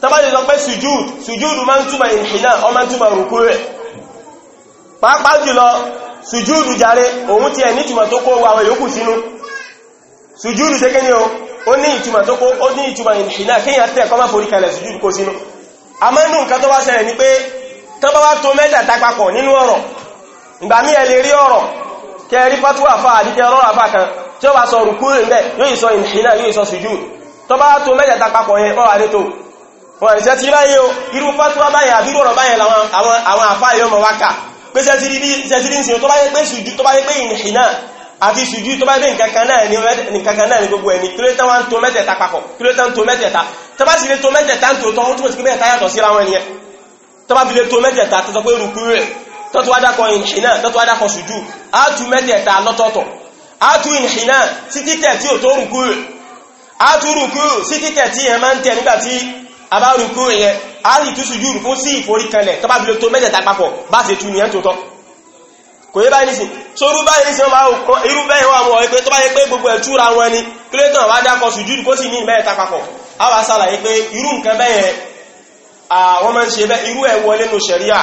tẹ́bá sọ pé sujúd sujúd máa ń túnmà ìhìnà ó máa ń túnmà rùkú rẹ̀ pàápàá jùlọ sujúd jàre òun ti amẹ́nu nǹkan tó wá ṣẹlẹ̀ ní pé tán bá wá tó mẹ́tẹ̀ẹ̀ta papọ̀ nínú ọ̀rọ̀ ìgbà mí ẹ lè rí ọ̀rọ̀ kẹrí fatuwa fa àdíkẹ rọ́rọ̀ afá kan tí ó bá sọ rùkú rẹ̀ mẹ́ yóò o irú fatuwa báyẹn àbí rọ̀rọ̀ báyẹn àwọn àfá yóò mọ̀ wákà pé sẹ́sìrí ní sẹ́sìrí ní sìn tó bá yẹ pé sùjú tó àti sùjú tó bá dé nǹkankan náà ní gbogbo ẹni kí ló tán wọ́n tó mẹ́tẹ̀ẹ̀ta papọ̀ kí ló tán tó mẹ́tẹ̀ẹ̀ta tó bá sì lè tó mẹ́tẹ̀ẹ̀ta ń tòótọ́ wọ́n túnmọ̀ sí pé mẹ́ta yàtọ̀ síra wọn nìyẹn tó bá fi pé rúkú rẹ̀ tó tó wádákọ̀ ìhìnà tó sí títẹ̀ tí ò tó rúkú rẹ̀ á tú rúkú sí títẹ̀ tí ẹ máa ń tẹ̀ nígbà a bá rúkú yẹn á sì tú sùjú rúkú sí ìforíkanlẹ̀ tó bá fi lè tó mẹ́tẹ̀ẹ̀ta papọ̀ bá ṣe tú nìyẹn tòótọ́ kò yé báyìí nísìn so irú báyìí nísìn wọn máa kọ irú bẹ́ẹ̀ wọn àwọn ọ̀rẹ́ pé tó bá yẹ pé gbogbo ẹ̀túra wọn ni kílẹ̀tàn wá dákọ̀ sùjúdù kó sì ní mẹ́ẹ̀ta papọ̀ a wá sàlàyé pé irú nǹkan bẹ́ẹ̀ àwọn máa ń ṣe bẹ́ẹ̀ irú ẹ̀ wọlé nù ṣẹ̀ríà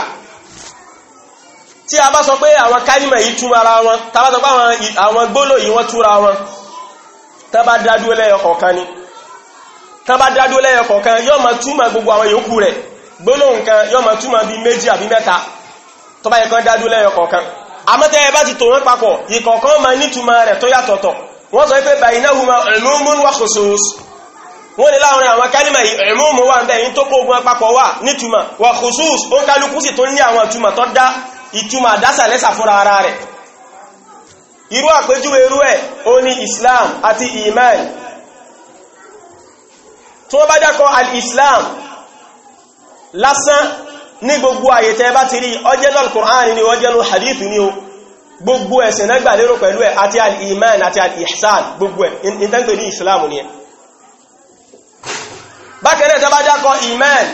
tí a bá sọ pé àwọn kálímà yìí túmọ̀ ara wọn tá a bá sọ pé àwọn gbólò yìí wọ́n túra wọn tá bá dádúró lẹ́yọ kọ̀ọ̀kan ni tá bá dádúró lẹ́yọ kọ̀ọ̀kan yóò máa túmọ̀ gbogbo àwọn yòókù rẹ̀ gbólóhùn kan yóò máa túmọ̀ bíi méjì àbí mẹ́ta tó bá yẹ kán dádúró lẹ́yọ kọ̀ọ̀kan àmọ́tẹ́ ẹ bá ti tò wọ́n papọ̀ ìkọ̀ọ̀kan ma nítumọ̀ rẹ̀ tó yàtọ̀tọ̀ wọ́n sọ pé bainahuma umumun wa khusus wọ́n ní láàrin àwọn wa khusus ó kálukú sì tó ní àwọn ìtumọ̀ tó dá ìtumọ̀ àdásà lẹ́sà fúnra ara rẹ̀ islam àti iman tí wọ́n bá dákọ̀ al-islam lásán ní gbogbo àyè tẹ́ bá ti rí ọjẹ́lú al-Qur'an ni ọjẹ́lú hadith ni o gbogbo ẹ̀sẹ̀ náà gbà lérò pẹ̀lú ẹ̀ àti al-iman àti al-ihsan gbogbo ẹ̀ ìtẹ́gbẹ̀ ní islam ni ẹ bákẹ̀rẹ̀ tẹ́ bá jákọ iman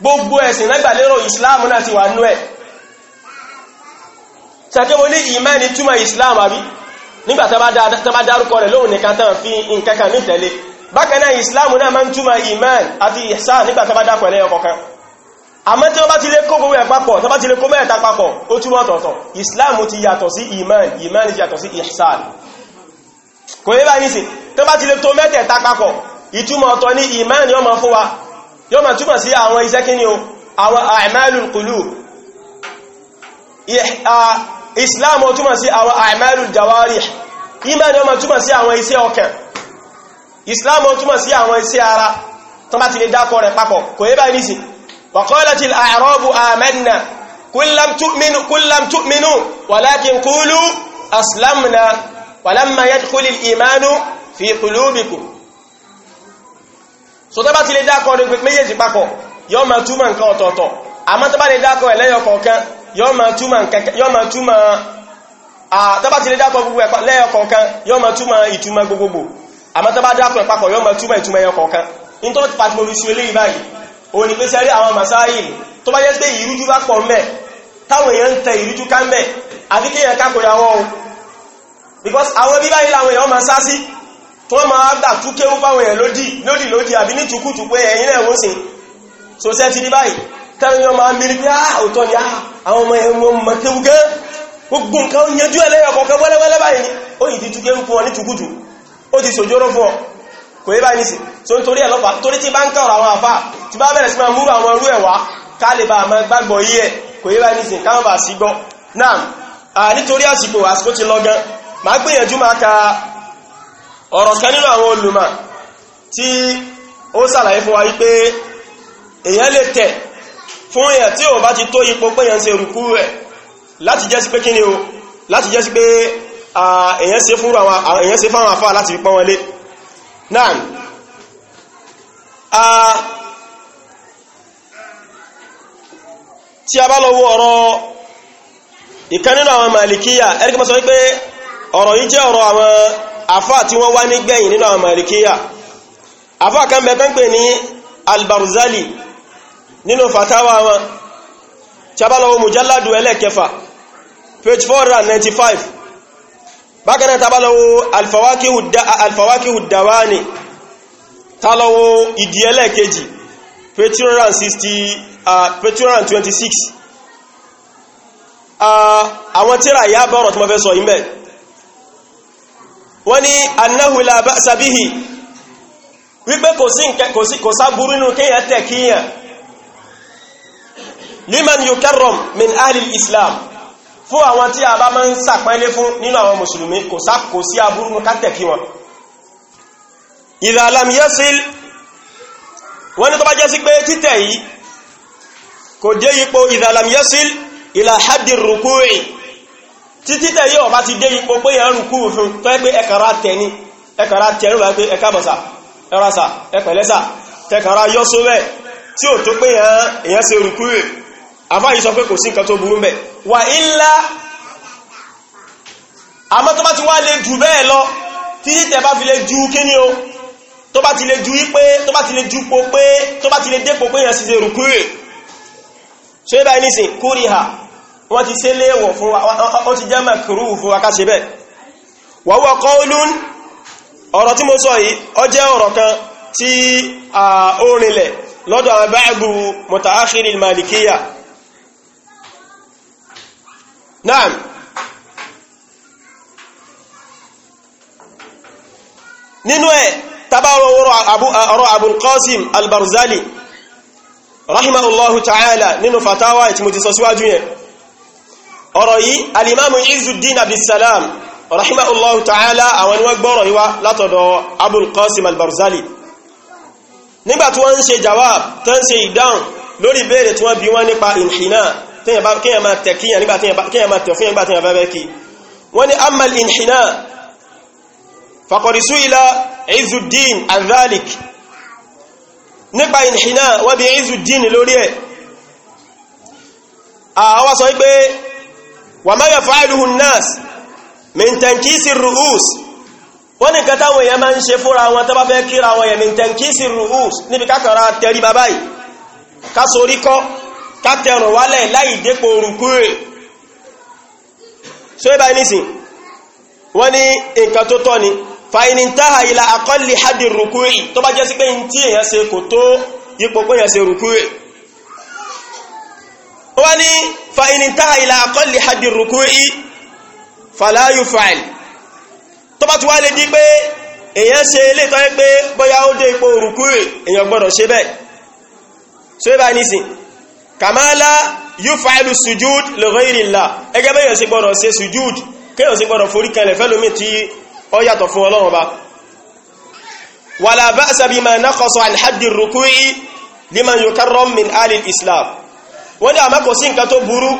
gbogbo ẹ̀sẹ̀ náà gbà lérò islam náà ti wà nú ẹ̀ iman túmọ̀ islam àbí nígbà tẹ́ bá dárúkọ rẹ̀ fi nǹkan kan ní tẹ̀lé bákẹ̀rẹ̀ iman àti ihsan nígbà tẹ́ bá dákọ̀ àmọ́ tí wọ́n bá ti lè kó gbogbo ẹ̀ papọ̀ tó bá ti lè kó mẹ́ta papọ̀ ó túnmọ̀ tọ̀tọ̀ Islam ti yàtọ̀ sí iman iman ti yàtọ̀ sí ihsan kò yẹ́ báyìí sí tó bá ti lè tó mẹ́tẹ̀ẹ̀ta papọ̀ ìtumọ̀ ọ̀tọ̀ ní iman yóò máa fún wa yóò máa túmọ̀ sí àwọn iṣẹ́ kí ni o àwọn a'malul qulub Islam ó túmọ̀ sí àwọn a'malul jawarih iman yóò máa túmọ̀ ti lè dákọ̀ rẹ̀ papọ̀ kò yẹ́ báyìí sí وقالت الأعراب آمنا قل لم تؤمنوا, قل لم تؤمنوا ولكن قولوا أسلمنا ولما يدخل الإيمان في قلوبكم so tó bá ti lè dákọ̀ ní méjèèjì papọ̀ yọ́ ma túmọ̀ nǹkan ọ̀tọ̀ọ̀tọ̀ àmọ́ tó bá lè dákọ̀ ẹ̀lẹ́yọ̀ kọ̀ọ̀kan yọ́ ma túmọ̀ tó bá ti lè dákọ̀ gbogbo ẹ̀lẹ́yọ̀ kọ̀ọ̀kan yọ́ ma túmọ̀ ìtumọ̀ gbogbogbò àmọ́ tó bá dákọ̀ ẹ̀papọ̀ yọ́ ma túmọ̀ ìtumọ̀ ẹ̀yọ̀ kọ̀ọ̀kan ó ní pé sẹ́rí àwọn masáyìn tó bá jẹ́ pé ìrújú bá pọ̀ mẹ́ táwọn èèyàn ń tẹ ìrújú ká mẹ́ àbí kéèyàn kákòyà wọn o because àwọn bíbá yìí làwọn èèyàn máa sá sí tí wọ́n máa gbà tú kéwú fáwọn èèyàn lódì lódì lódì àbí ní tukútù pé ẹ̀yìn náà wọ́n sìn so sẹ́ ti ní báyìí tẹ́lẹ̀ yọ máa mírí pé ah òtọ́ ni ah, àwọn ọmọ ẹ̀wọ̀n mọ̀ kéwú gẹ́ gbogbo nǹkan ó yanjú ẹlẹ́yọ̀ kọ̀ọ̀kan wẹ́lẹ́wẹ́lẹ́ báyìí ó yìí ti tú kéwú fún ọ ní tukútù ó ti kò yé báyìí nísìn so nítorí ẹ̀ lọ́pàá torí tí bá ń kọ̀rọ̀ àwọn àfà tí bá bẹ̀rẹ̀ sí máa múrò àwọn irú ẹ̀ wá ká lè bá àmọ́ gbàgbọ́ yí ẹ̀ kò yé báyìí nísìn káwọn bá sí gbọ́ náà nítorí àsìkò àsìkò ti lọ gan máa gbìyànjú máa ka ọ̀rọ̀ kan nínú àwọn olùmọ̀ tí ó sàlàyé fún wa wípé èèyàn lè tẹ̀ fún èèyàn tí ò bá ti tó ipò pé èèyàn ṣe rùkú rẹ̀ láti jẹ́ sí pé kí ni o láti jẹ́ sí pé èèyàn ṣe fún àwọn àfáà láti fi pọ́n wọn náà a tí a bá lọ wo ọ̀rọ̀ ìkan nínú àwọn malikiya ẹ̀rìkì mọ́ sọ wípé ọ̀rọ̀ yìí jẹ́ ọ̀rọ̀ àwọn àfá tí wọ́n wá ní gbẹ̀yìn nínú àwọn malikiya àfá kan bẹ̀ kan pè ní albarzali nínú fatawa wọn tí a bá lọ wo mujalladu ẹlẹ́kẹfà page 495 bákan náà tabalawo alfawakihu dawani talawo ìdí ẹlẹ́ẹ̀kejì 226 àwọn tíra ìyá bọ́rọ̀ tí wọ́n fẹ́ sọ ìmẹ́ wọ́n ní annahu la ba'sa bihi wípé kò sáburú nínú kíyàn tẹ̀ kíyàn liman yukarram min ahli islam fún àwọn tí a bá máa ń sàpẹ́lé fún nínú àwọn mùsùlùmí kò sákò sí aburú ní kátẹ̀ kí wọn ìlà alam yẹ́sìl wọ́n ni tó bá jẹ́ sí pé títẹ̀ yìí kò dé ipò ìlà alam yẹ́sìl ìlà hadi rukui tí títẹ̀ yìí ọ̀bá ti dé ipò pé yẹn rukú fún tó ẹgbẹ́ ẹkàrà tẹ̀ni ẹkàrà tẹ̀ni wà pé ẹkàbọ̀sà ẹrasà àfá yìí sọ pé kò sí nǹkan tó burú mẹ́ wà ílá àmọ́ tó bá ti wá lè jù bẹ́ẹ̀ lọ tí tẹ́ bá fi lè ju kí ni o tó bá ti lè ju pé tó bá ti lè ju po pé tó bá ti lè dépò pé èèyàn sì ṣe rùkú rè ṣé báyìí nísìn kúrì hà wọ́n ti ṣe léèwọ̀ fún wa ó ti jẹ́ mẹ́kúrú fún wa ká ṣe bẹ́ẹ̀ wa huwa qawlun ọ̀rọ̀ tí mo sọ yìí ó jẹ́ ọ̀rọ̀ kan tí ó rinlẹ̀ lọ́dọ̀ àwọn ba'du muta'akhiril malikiyya Naam. Nínú ẹ̀ tabáwọ̀ ọ̀rọ̀ Abul Qasim al-Barzali, rahimahullahu ta'ala nínú fatawa tí mo ti sọ síwájú yẹn. Ọ̀rọ̀ yìí, Alimamu Izzuddin Abdissalam, rahimahullahu ta'ala àwọn ni wọ́n gbọ́rọ̀ yíwá látọ̀dọ̀ Abul Qasim al-Barzali. Nígbà tí wọ́n ń ṣe jawab, tán ṣe ìdáhùn lórí ìbéèrè tí wọ́n bi wọ́n nípa ìhìnà kéèyàn máa tẹ̀ kíyàn nígbà kéèyàn máa tẹ̀ fún nígbà téèyàn bá fẹ́ kí wọ́n ní amal inhina faqadisu ila izuddin azalik nípa inhina wọ́n bí izuddin lórí ẹ̀ àwọn sọ wípé wà ma yaf'aluhu an-nas min tankisi wọ́n ní kẹta èèyàn máa ń ṣe fúnra wọn tó bá fẹ́ kíra wọn yẹ̀mí tẹ̀kí sí níbi kákàrà tẹ̀rí bàbá kátẹrùn wálẹ̀ láì dépò orùkú rẹ̀ so ibà nísìn wọ́n ní nǹkan tó tọ́ ni fàyíní táhà ilà àkọ́lì hadi rùkú rẹ̀ tó bá jẹ́ sí pé n tí èèyàn ṣe kò tó yípo pé èèyàn ṣe rùkú rẹ̀ wọ́n ní fàyíní táhà ilà àkọ́lì hadi rùkú rẹ̀ fàláyù so ibà nísìn kàmáàlá yúfàílù sujúd lọ́rẹ́rìnlá ẹgẹ́ bẹ́yàn sí gbọ́dọ̀ ṣe sujúd kéyàn sí gbọ́dọ̀ forí kẹlẹ̀ fẹ́lómi tí ó yàtọ̀ fún ọlọ́run ba wàlá bá sàbí ma nákọsọ alhaddi rukui liman yukarram min alil islam wọ́n ní àmá kò sí nǹkan tó burú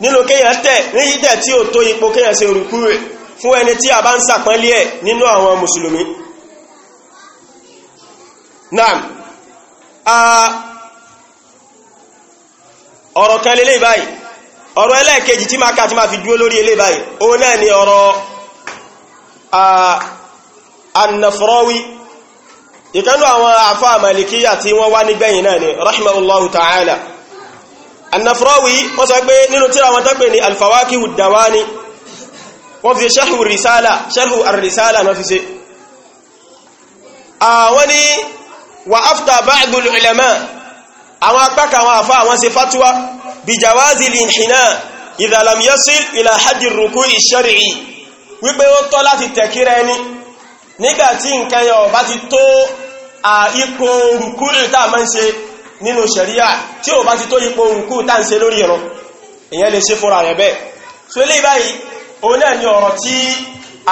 nínú kéyàn tẹ̀ ní yídẹ̀ tí ó tó ipò kéyàn sí rukui fún ẹni tí a bá ń sàpánlé nínú àwọn mùsùlùmí naam ah, ọ̀rọ̀ kan lélẹ̀ báyìí ọ̀rọ̀ ẹlẹ́ẹ̀kejì tí máa ká tí máa fi dúró lórí ilé báyìí ó náà ni ọ̀rọ̀ annafrawi ìkanú àwọn àfá malikiya tí wọ́n wá nígbẹ̀yìn náà ni rahimahullahu ta'ala annafrawi wọ́n sọ pé nínú tíra wọn tán pè ní alfawakihu wọ́n fi sharhu risala sharhu ar-risala fi ṣe àwọn ni wa afta ba'dul ulama àwọn apákà àwọn àfá àwọn ṣe fatuwa bí jawazi linhina idha lam yasil ila hajji rukú ìṣẹ́rìí wípé ó tọ́ láti tẹ̀kíra ẹni nígbàtí nǹkan yọ bá ti tó à ipò rukú tá máa ń ṣe nínú ṣẹ̀ríà tí ò bá ti tó ipò rukú tá ń ṣe lórí ìran èyàn lè ṣe fúnra rẹ̀ bẹ́ẹ̀ so ilé báyìí òun náà ni ọ̀rọ̀ tí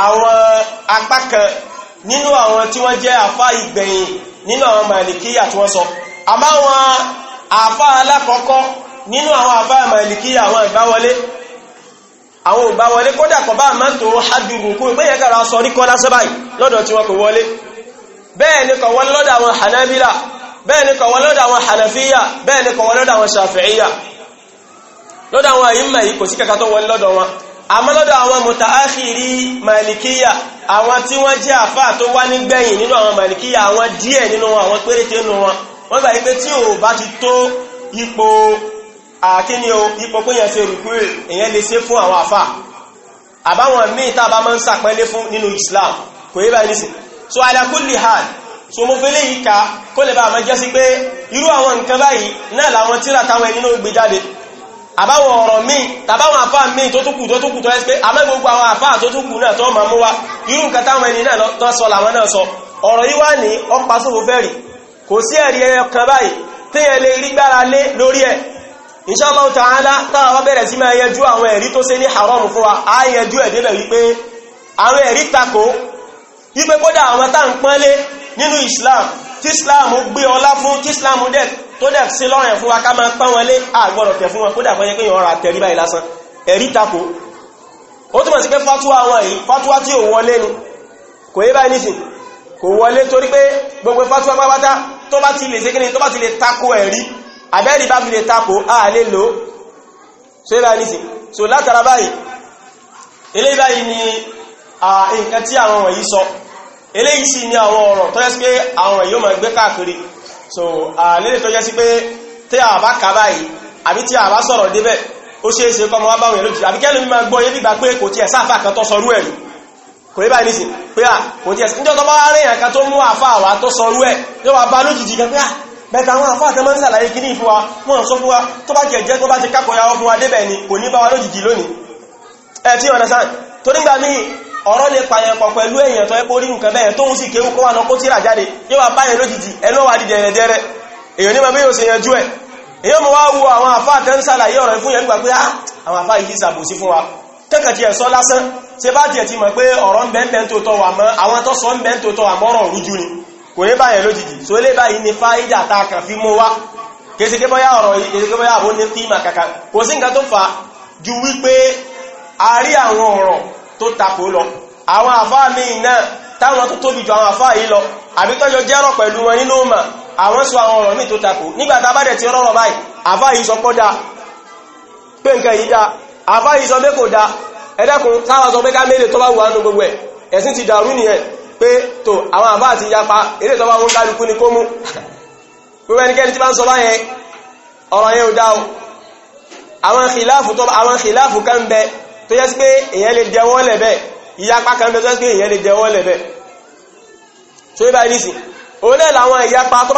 àwọn apá kan nínú àwọn tí wọ́n jẹ́ àfá ìgbẹ̀yìn nínú àwọn màlìkíyà tí wọ́n sọ so àmáwọn àfá alákọ̀ọ́kọ́ nínú àwọn àfá àmàlìkíyà àwọn ìbáwọlé àwọn òbáwọlé kódà kọ̀ bá máa tó hajjúrù kú ìpéyẹ kára sọ rí kọ́lá sẹ́báyì lọ́dọ̀ tí wọ́n kò wọlé bẹ́ẹ̀ ni kọ̀ wọlé lọ́dọ̀ àwọn hanabila bẹ́ẹ̀ ni kọ̀ wọlé lọ́dọ̀ àwọn hanafiya bẹ́ẹ̀ ni kọ̀ wọlé lọ́dọ̀ àwọn shafi'iya lọ́dọ̀ àwọn àyíma yìí kò sí kẹta tó wọlé lọ́dọ̀ wọn àmọ́ lọ́dọ̀ àwọn mùtàáfìrí màlìkíyà àwọn tí wọ́n jẹ́ àfáà tó wá nígbẹ̀yìn nínú àwọn màlìkíyà àwọn díẹ̀ nínú wọn àwọn péréte nínú wọn wọ́n gbà wípé tí ò bá ti tó ipò àkíní o ipò pé yẹn ṣe rùkú èyàn lè ṣe fún àwọn àfà àbáwọn míì tá a bá máa ń sàpẹ́lé fún nínú Islam kò yé báyìí nísìn so alakulli hal so mo fẹ́lẹ́ yìí ka kó lè bá àmọ́ jẹ́ sí pé irú àwọn nǹkan báyìí náà làwọn tíra táwọn ẹni náà gbé jáde àbáwọn ọ̀rọ̀ míì tàbáwọn àfáà míì tó túnkù tó túnkù tó ẹ́sì pé àmọ́ gbogbo àwọn àfáà tó túnkù náà tó máa mú wa irú nǹkan táwọn ẹni náà sọ làwọn náà sọ ọ̀rọ̀ yìí wá ní ọ́n pa sófo fẹ́rì kò sí ẹ̀rí ẹyọ kan báyìí téèyàn lè rí gbára lé lórí ẹ̀ inshallah ta'ala táwọn bá bẹ̀rẹ̀ sí máa yẹjú àwọn ẹ̀rí tó ṣe ní haram fún wa á yẹjú ẹ̀ débẹ̀ wípé àwọn ẹ̀rí takò wípé kódà àwọn tá ń pọ́nlé nínú islam tí islam gbé ọlá fún tí islam dẹ̀ tó dẹ̀ sí lọ́rẹ̀ fún wa ká máa pọ́n wọn kò wọlé torí pé gbogbo fatuwa pápátá tó bá ti lè ṣe kíni tó bá ti lè tako ẹ̀rí àbẹ́rí bá fi lè tako a lè lò so ilá ní sí so látara báyìí ilé báyìí ni nǹkan tí àwọn wọ̀nyí sọ eléyìí sì ni àwọn ọ̀rọ̀ tó yẹ sí pé àwọn yóò máa gbé káàkiri so àlélè tó yẹ sí pé tí a bá kà báyìí àbí tí a bá sọ̀rọ̀ débẹ̀ ó ṣeéṣe kọ́mọ wá báwọn èlòjì àbíkẹ́lùmí máa gbọ́ kò rí báyìí nísìn pé à kò tí ẹ̀sìn níjọ́ bá rẹ̀ yàn ká tó mú àfáà wá tó sọ rú ẹ̀ yóò wá bá lójijì gan pé à bẹ́ta àwọn àfáà tẹ́ máa ń sàlàyé kí ní ìfún wa wọ́n sọ fún wa tó bá jẹ́ tó bá ti kákọ̀ọ́yà ọkùn wa débẹ̀ ni kò ní bá wa lójijì lónìí ẹ̀ tí ọ̀nà sáà tó nígbà ní ọ̀rọ̀ lè pààyàn pọ̀ pẹ̀lú èèyàn tó ẹ́pọ̀ orí nǹkan bẹ́ẹ̀ tóun sì kéwú kó wà lọ kó tíra jáde yóò wá báyẹ̀ lójijì ẹ̀lọ́ wà dìde ẹ̀rẹ̀ dẹ́rẹ́ èèyàn ní mẹ́bí yóò ṣe yanjú ẹ̀ èèyàn mọ̀ wá wo àwọn àfáà tẹ́ ń sàlàyé ọ̀rọ̀ fún yẹn nígbà pé ah, àwọn àfáà yìí lásán ṣe bá tiẹ̀ ti mọ̀ pé ọ̀rọ̀ ń bẹ́ẹ̀ tó tọ́ wà mọ́ àwọn tó sọ ń bẹ́ẹ̀ tó tọ́ wà mọ́rọ̀ rújú ni kò yé báyẹn lójijì so lè báyìí ni fáídà ta kàn fi mú wá kéṣeké bóyá ọ̀rọ̀ yìí kéṣeké bóyá àbó ní kíma kàkà kò sí nǹkan tó fà ju wípé a rí àwọn ọ̀rọ̀ tó takò lọ àwọn àfáà míì náà táwọn tó tóbi ju àwọn àfáà kò da ẹ̀dẹ́kùn sáwà sọ pé ká mẹ́lẹ̀ tó bá wà ní gbogbo ẹ̀ ẹ̀sìn ti dàrú nìyẹn pé tó àwọn àbá àti yapa eré tó bá wọn kálukú ni kó mú gbogbo ẹnikẹ́ni tí bá ń sọ báyẹn ọ̀rọ̀ yẹn ò dá o àwọn kìláàfù tó àwọn kìláàfù kan bẹ tó yẹ sí pé èyàn lè dẹwọ́ lẹ̀ bẹ́ẹ̀ ìyapa kan bẹ tó yẹ sí pé èyàn lè dẹwọ́ lẹ̀ bẹ́ẹ̀ tó yẹ báyìí nìsín òun náà làwọn ìyapa tó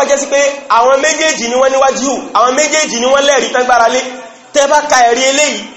bá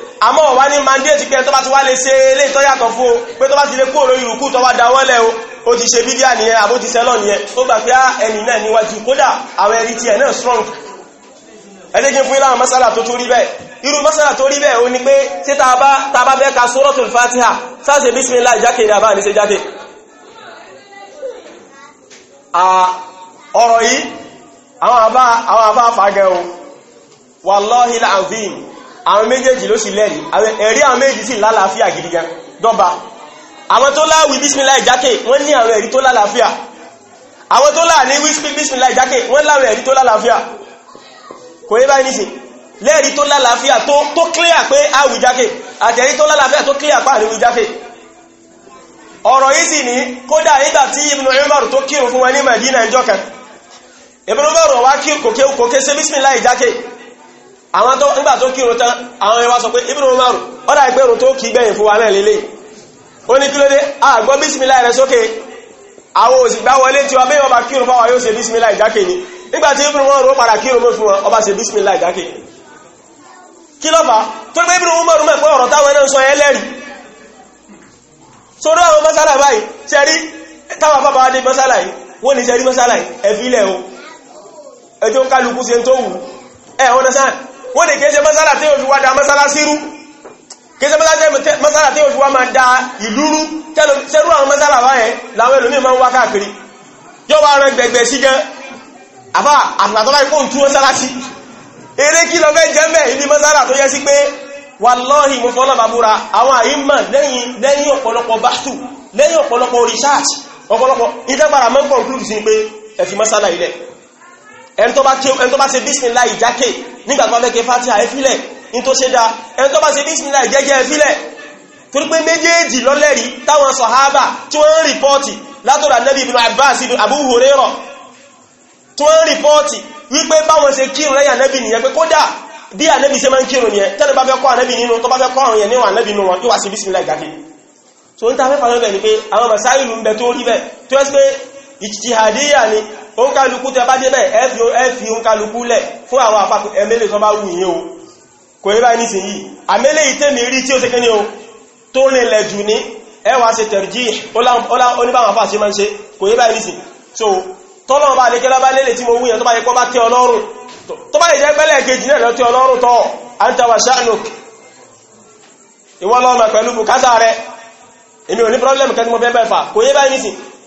àmọ́ wà ní mandate pé tó bá ti wá lè ṣe ilé tó yàtọ̀ fún o pé tó bá ti lè kú òrò ìrùkú tó wá dáwọ́lẹ̀ o ó ti ṣe bídíà nìyẹn àbó ti sẹ́lọ̀ nìyẹn ó gbà pé ah, ẹni náà strong ẹlẹ́gbẹ́ fún masala tó tó masala tó rí bẹ́ẹ̀ o ní pé tí ta bá ta bá bẹ́ ka suratul fatiha sáàsì bísmìlá ìjákè ní àbáà ní ṣe jáde ọ̀rọ̀ yìí àwọn àbá àfagẹ́ o wallahi la'azim àwọn méjèèjì ló sì lẹ́rí ẹ̀rí àwọn méjèèjì sì lálàáfíà gidi gan dọ́ba àwọn tó láwí bísmìlá ìjákè wọ́n ní àwọn ẹ̀rí tó lálàáfíà àwọn tó láà ní bísmìlá ìjákè wọ́n láwọn ẹ̀rí tó lálàáfíà kò yé báyìí nìsìn lẹ́rí tó lálàáfíà tó kílíà pé àwì jákè àtẹ̀rí tó lálàáfíà tó kílíà pé àríwí jákè ọ̀rọ̀ yìí sì ní kódà nígbà tí Ibn Umar Madina ìjọ kan Ibn Umar wá kírun kò ké àwọn tó nígbà tó kírun tán àwọn ẹwà sọ pé Ibn Umar ọ̀dà ìgbẹ̀rún tó kí gbẹ̀yìn fún wa náà lélẹ̀ ó ní kílódé àgbọ́ bísmìlá rẹ̀ sókè àwọn òsìgbà wọlé tí wọ́n bẹ́ẹ̀ ọba kírun fáwọn yóò ṣe bísmìlá ni nígbà tí Ibn Umar ó padà kírun mọ́ fún wọn ọba ṣe bísmìlá ìjákè kí lọ́fà tó gbé Ibn Umar mẹ́pẹ́ ọ̀rọ̀ táwọn náà sọ ẹ lẹ́rìí sórí àwọn mọ́sálà báyìí ṣẹ́rí táwọn bàbá adé mọ́sálà yìí wọ́n ní ṣẹ́rí o ẹjọ́ kálukú ṣe tó wù ẹ̀ wọ́n náà sáà wọ́n lè kéèṣe mọ́sálà tí òfin wá da mọ́sálà sírú kéèṣe mọ́sálà tí òfin wá máa da ìlúrú tẹ́rù àwọn mọ́sálà báyẹn láwọn ẹlòmí máa ń wá káàkiri yóò wá rán gbẹ̀gbẹ̀ sí gan àbá àtàtọ́lá ipò ń tú mọ́sálà sí eré kí lọ fẹ́ jẹ́ mẹ́ ibi mọ́sálà tó yẹ sí pé wàlọ́hì mo fọ́nà bàbúra àwọn àyímọ̀ lẹ́yìn ọ̀pọ̀lọpọ̀ báṣù lẹ́yìn ọ̀pọ̀lọpọ̀ research ọ̀pọ̀lọpọ̀ ìtẹ́gbàrà mọ́ conclude sí pé ẹ̀fì mọ́sálà ilẹ̀ ẹni tó bá ṣe bísìn láì jákè nígbà tó bá fẹ́ ké fatiha ẹ filẹ̀ ní tó ṣe dáa ẹni tó bá ṣe bismillah jẹ́jẹ́ ẹ filẹ̀ torí pé méjèèjì lọ́lẹ́rìí táwọn sọ̀hábà tí wọ́n ń rìpọ́ọ̀tì látọ̀dọ̀ Ànábì ibn Abbas ibn Abu Hurairah tí wọ́n ń rìpọ́ọ̀tì wípé báwọn ṣe kírun lẹ́yìn Ànábì nìyẹn pé kódà bí Ànábì ṣe máa ń kírun yẹn tẹ́lẹ̀ bá fẹ́ kọ́ Ànábì nínú tó bá fẹ́ kọ́ so n ta fẹ́ ni pé àwọn masáìlú ń bẹ tó rí bẹ̀ òǹkàlùkù tẹ bá débẹ̀ ẹ fi òǹkàlùkù lẹ̀ fún àwọn àpapọ̀ ẹmẹ́lẹ̀ tó bá wù yín o kò rí báyìí nísìnyí àmẹ́lẹ̀ ìtẹ́mì rí tí ó ṣe kí ni o tó rìnlẹ̀ jù ní ẹwà ṣe tẹ̀rìjì oníbàwọn so tọ́lọ́run bá lékẹ́lá bá lélẹ̀ tí mo wúyẹn tó bá yẹ kọ́ bá tẹ́ ọlọ́run tó bá lè jẹ́ pẹ́lẹ̀ kejì náà lọ́tẹ́ ọlọ́run tọ́ àǹtàwà sánuk ìwọ́lọ́mà pẹ̀lú bùkátà rẹ̀ fà kò yé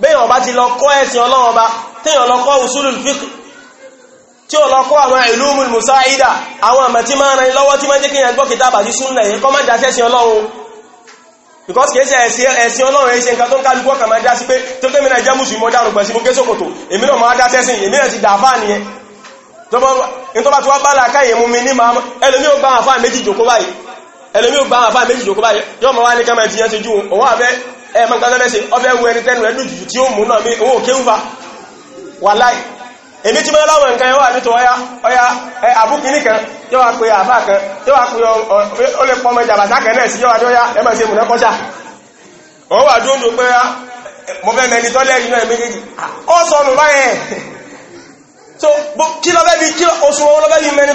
bẹ́yàn ọba ti lọ kọ́ ẹ̀sìn ọlọ́run ọba tẹ́yàn lọ kọ́ usulul fiqh tí ó lọ kọ́ àwọn ìlúmul musaida àwọn àmà tí máa ràn lọ́wọ́ tí máa jẹ́ kíyàn gbọ́ kìtàbà sí súnnà kọ́ máa dáṣẹ́ sí ọlọ́run because kìí ṣe ẹ̀sìn ọlọ́run ẹ̀ṣẹ́ nǹkan tó ń kálukú ọkà máa dá pé tó tẹ́mi náà jẹ́ mùsùlùmí ọ̀darùn pẹ̀sí mú kéṣòkòtò èmi náà máa dáṣẹ́ sí èmi náà ti dàáfà nìyẹn tó bá tí wọ́n bá làákàyè mú mi ní máa ẹlòmí ò gbá àfáà méjì jòkó báyìí yọ́ mọ̀ wá ní kẹ́mẹ̀ ti yẹn ṣe jú òun àfẹ́ ẹ̀mọ́ gbọ́gbẹ́sìn ọbẹ̀ ẹwù ẹni tẹ́nu ẹ̀dùjù tí ó mú náà mi owó kéwùfà wà láì èmi tí mọ́ láwọn nǹkan ẹwà nítò ọya ọya àbúkìní kan yóò wá pé àfá kan yóò wá pé ó lè pọmọ ìjàbàtà kan náà sí wà pé ah, mo fẹ́ mẹni ah, ó so kí lọ kí oṣù wọn lọ mẹni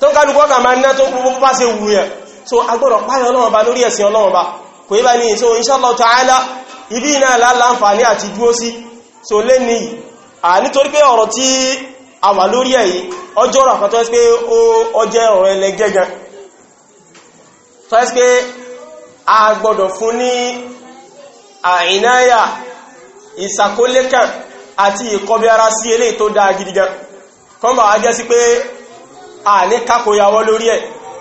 tó ń kà máa ná tó gbogbo bá wù yẹn so agbọ́dọ̀ páyọ lórí ẹ̀sìn kò yí bá ní so inshallah ta'ala ibi náà láláǹfààní àti dúó so lé ní à nítorí pé ọ̀rọ̀ tí a wà lórí èyí ọjọ́ ọ̀rọ̀ àkọ́tọ́ pé ó ọ̀rọ̀ tó pé a gbọ́dọ̀ fún ní àní kakoyàwọ́ lórí ẹ̀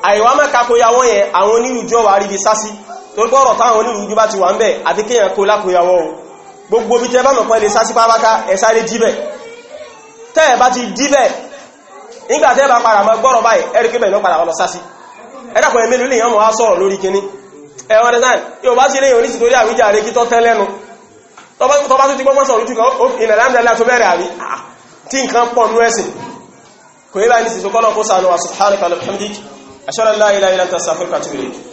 àìwá má kakoyàwọ́ yẹn àwọn onírùjọ́ wà ríbi sásí torí pọ́rọ̀ táwọn onírùjọ́ bá ti wà ń bẹ̀ àti kéèyàn kó lákoyàwọ́ o gbogbo bí tẹ́ bá mọ̀ pẹ́lẹ̀ sásí pápáká ẹ sáré díbẹ̀ tẹ́ ẹ bá ti díbẹ̀ nígbà tẹ́ bá padà mọ́ gbọ́rọ̀ báyìí ẹ̀rí kébẹ̀ náà padà wọn lọ sásí ẹ dàpọ̀ ẹ̀mí lórí ìyàn mọ̀ á sọ̀rọ̀ àrí tí nǹkan pọ̀ nú ẹ̀sìn kò yíba ní sísọ kọ́lọ̀ kó sànúwà subhanaka alhamdik ashara la ilaha